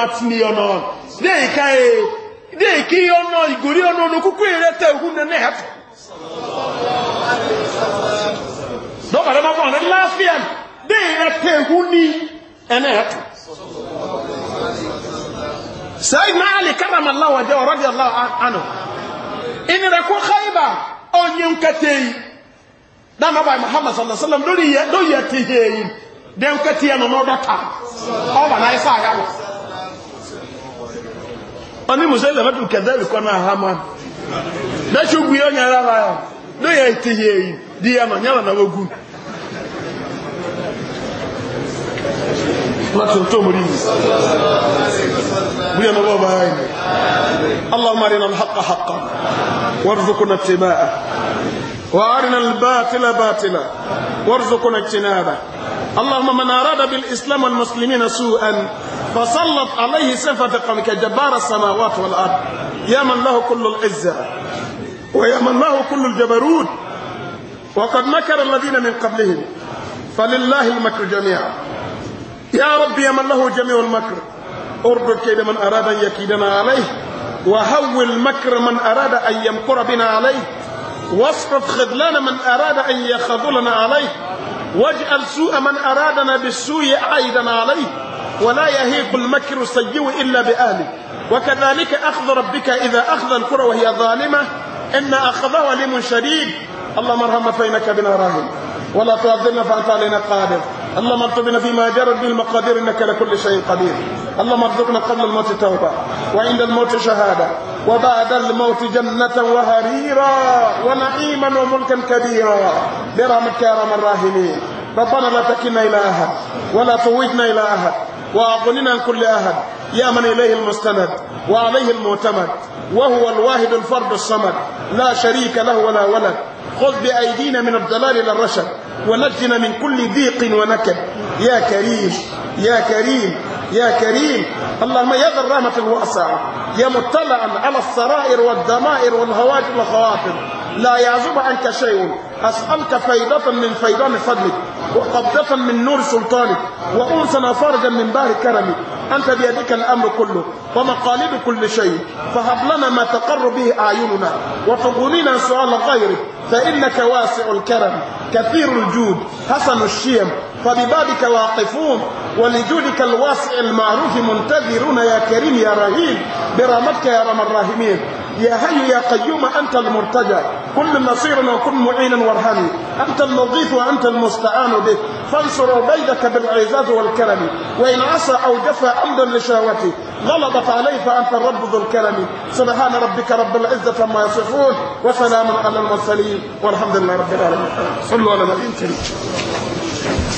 matini yo no de ka e de ki yo no igori yo no no kuku ire te hu ne dé ẹ̀tẹ̀ ehu ní ẹ̀nà ẹ̀tù sẹ́yìn náà lè kárama láwọn jẹ́ ọ̀rọ̀ díẹ̀ láwọn àná ìnira kó yìí dáná báyìí muhammad sallam lórí yẹ lórí yẹ ti yẹ yìí dẹ́ nkẹtẹ́ yẹn nínú ọdọ ta ọba náà ẹsẹ̀ àgá wọn. ọ̀ní musa ìlẹ̀ mẹ́tò kẹ̀dẹ́ rìkọ́ láti ọ̀tọ́ mọ̀rí الله بعينه اللهم ارنا الحق حقا وارزقنا اتباعه وارنا الباطل باطلا وارزقنا اجتنابه اللهم من اراد بالاسلام والمسلمين سوءا فسلط عليه سفة قمك جبار السماوات والارض يا من له كل العزه ويا من له كل الجبروت وقد مكر الذين من قبلهم فلله المكر جميعا يا رب يا من له جميع المكر اردد كيد من أراد أن يكيدنا عليه وهول مكر من أراد أن يمكر بنا عليه واصرف خذلان من أراد أن يخذلنا عليه واجعل سوء من أرادنا بالسوء عيدا عليه ولا يهيق المكر السيء إلا بأهله وكذلك أخذ ربك إذا أخذ الكرة وهي ظالمة إن أخذها لم شديد اللهم ارحمنا فإنك بنا راهب ولا تعذبنا فأنت علينا قادر اللهم ارزقنا فيما جرت به المقادير انك لكل شيء قدير اللهم ارزقنا قبل الموت توبه وعند الموت شهاده وبعد الموت جنه وهريرا ونعيما وملكا كبيرا برحمتك يا ارحم الراحمين ربنا لا تكلنا الى احد ولا توجنا الى احد واغننا عن كل احد يا من اليه المستند وعليه المعتمد وهو الواحد الفرد الصمد لا شريك له ولا ولد خذ بأيدينا من الضلال إلى الرشد ونجنا من كل ضيق ونكد يا كريم يا كريم يا كريم اللهم يا ذا الرحمة الواسعة يا مطلعا على السرائر والضمائر والهواجر والخواطر لا يعزب عنك شيء أسألك فيضة من فيضان فضلك وقبضة من نور سلطانك وأنسنا فرجا من بار كرمك أنت بيدك الأمر كله ومقاليد كل شيء فهب لنا ما تقر به أعيننا وتغنينا سؤال غيرك فإنك واسع الكرم كثير الجود حسن الشيم فببابك واقفون ولجودك الواسع المعروف منتظرون يا كريم يا رهيم برحمتك يا رب الراحمين يا حي يا قيوم أنت المرتجى كن نصيرا وكن معينا وارحمي أنت المضيف وأنت المستعان به فانصر عبيدك بالعزاز والكرم وإن عصى أو جفى حمدا لشهوته غلبت عليه فأنت الرب ذو الكرم سبحان ربك رب العزة ما يصفون وسلام على المرسلين والحمد لله رب العالمين صلوا على النبي الكريم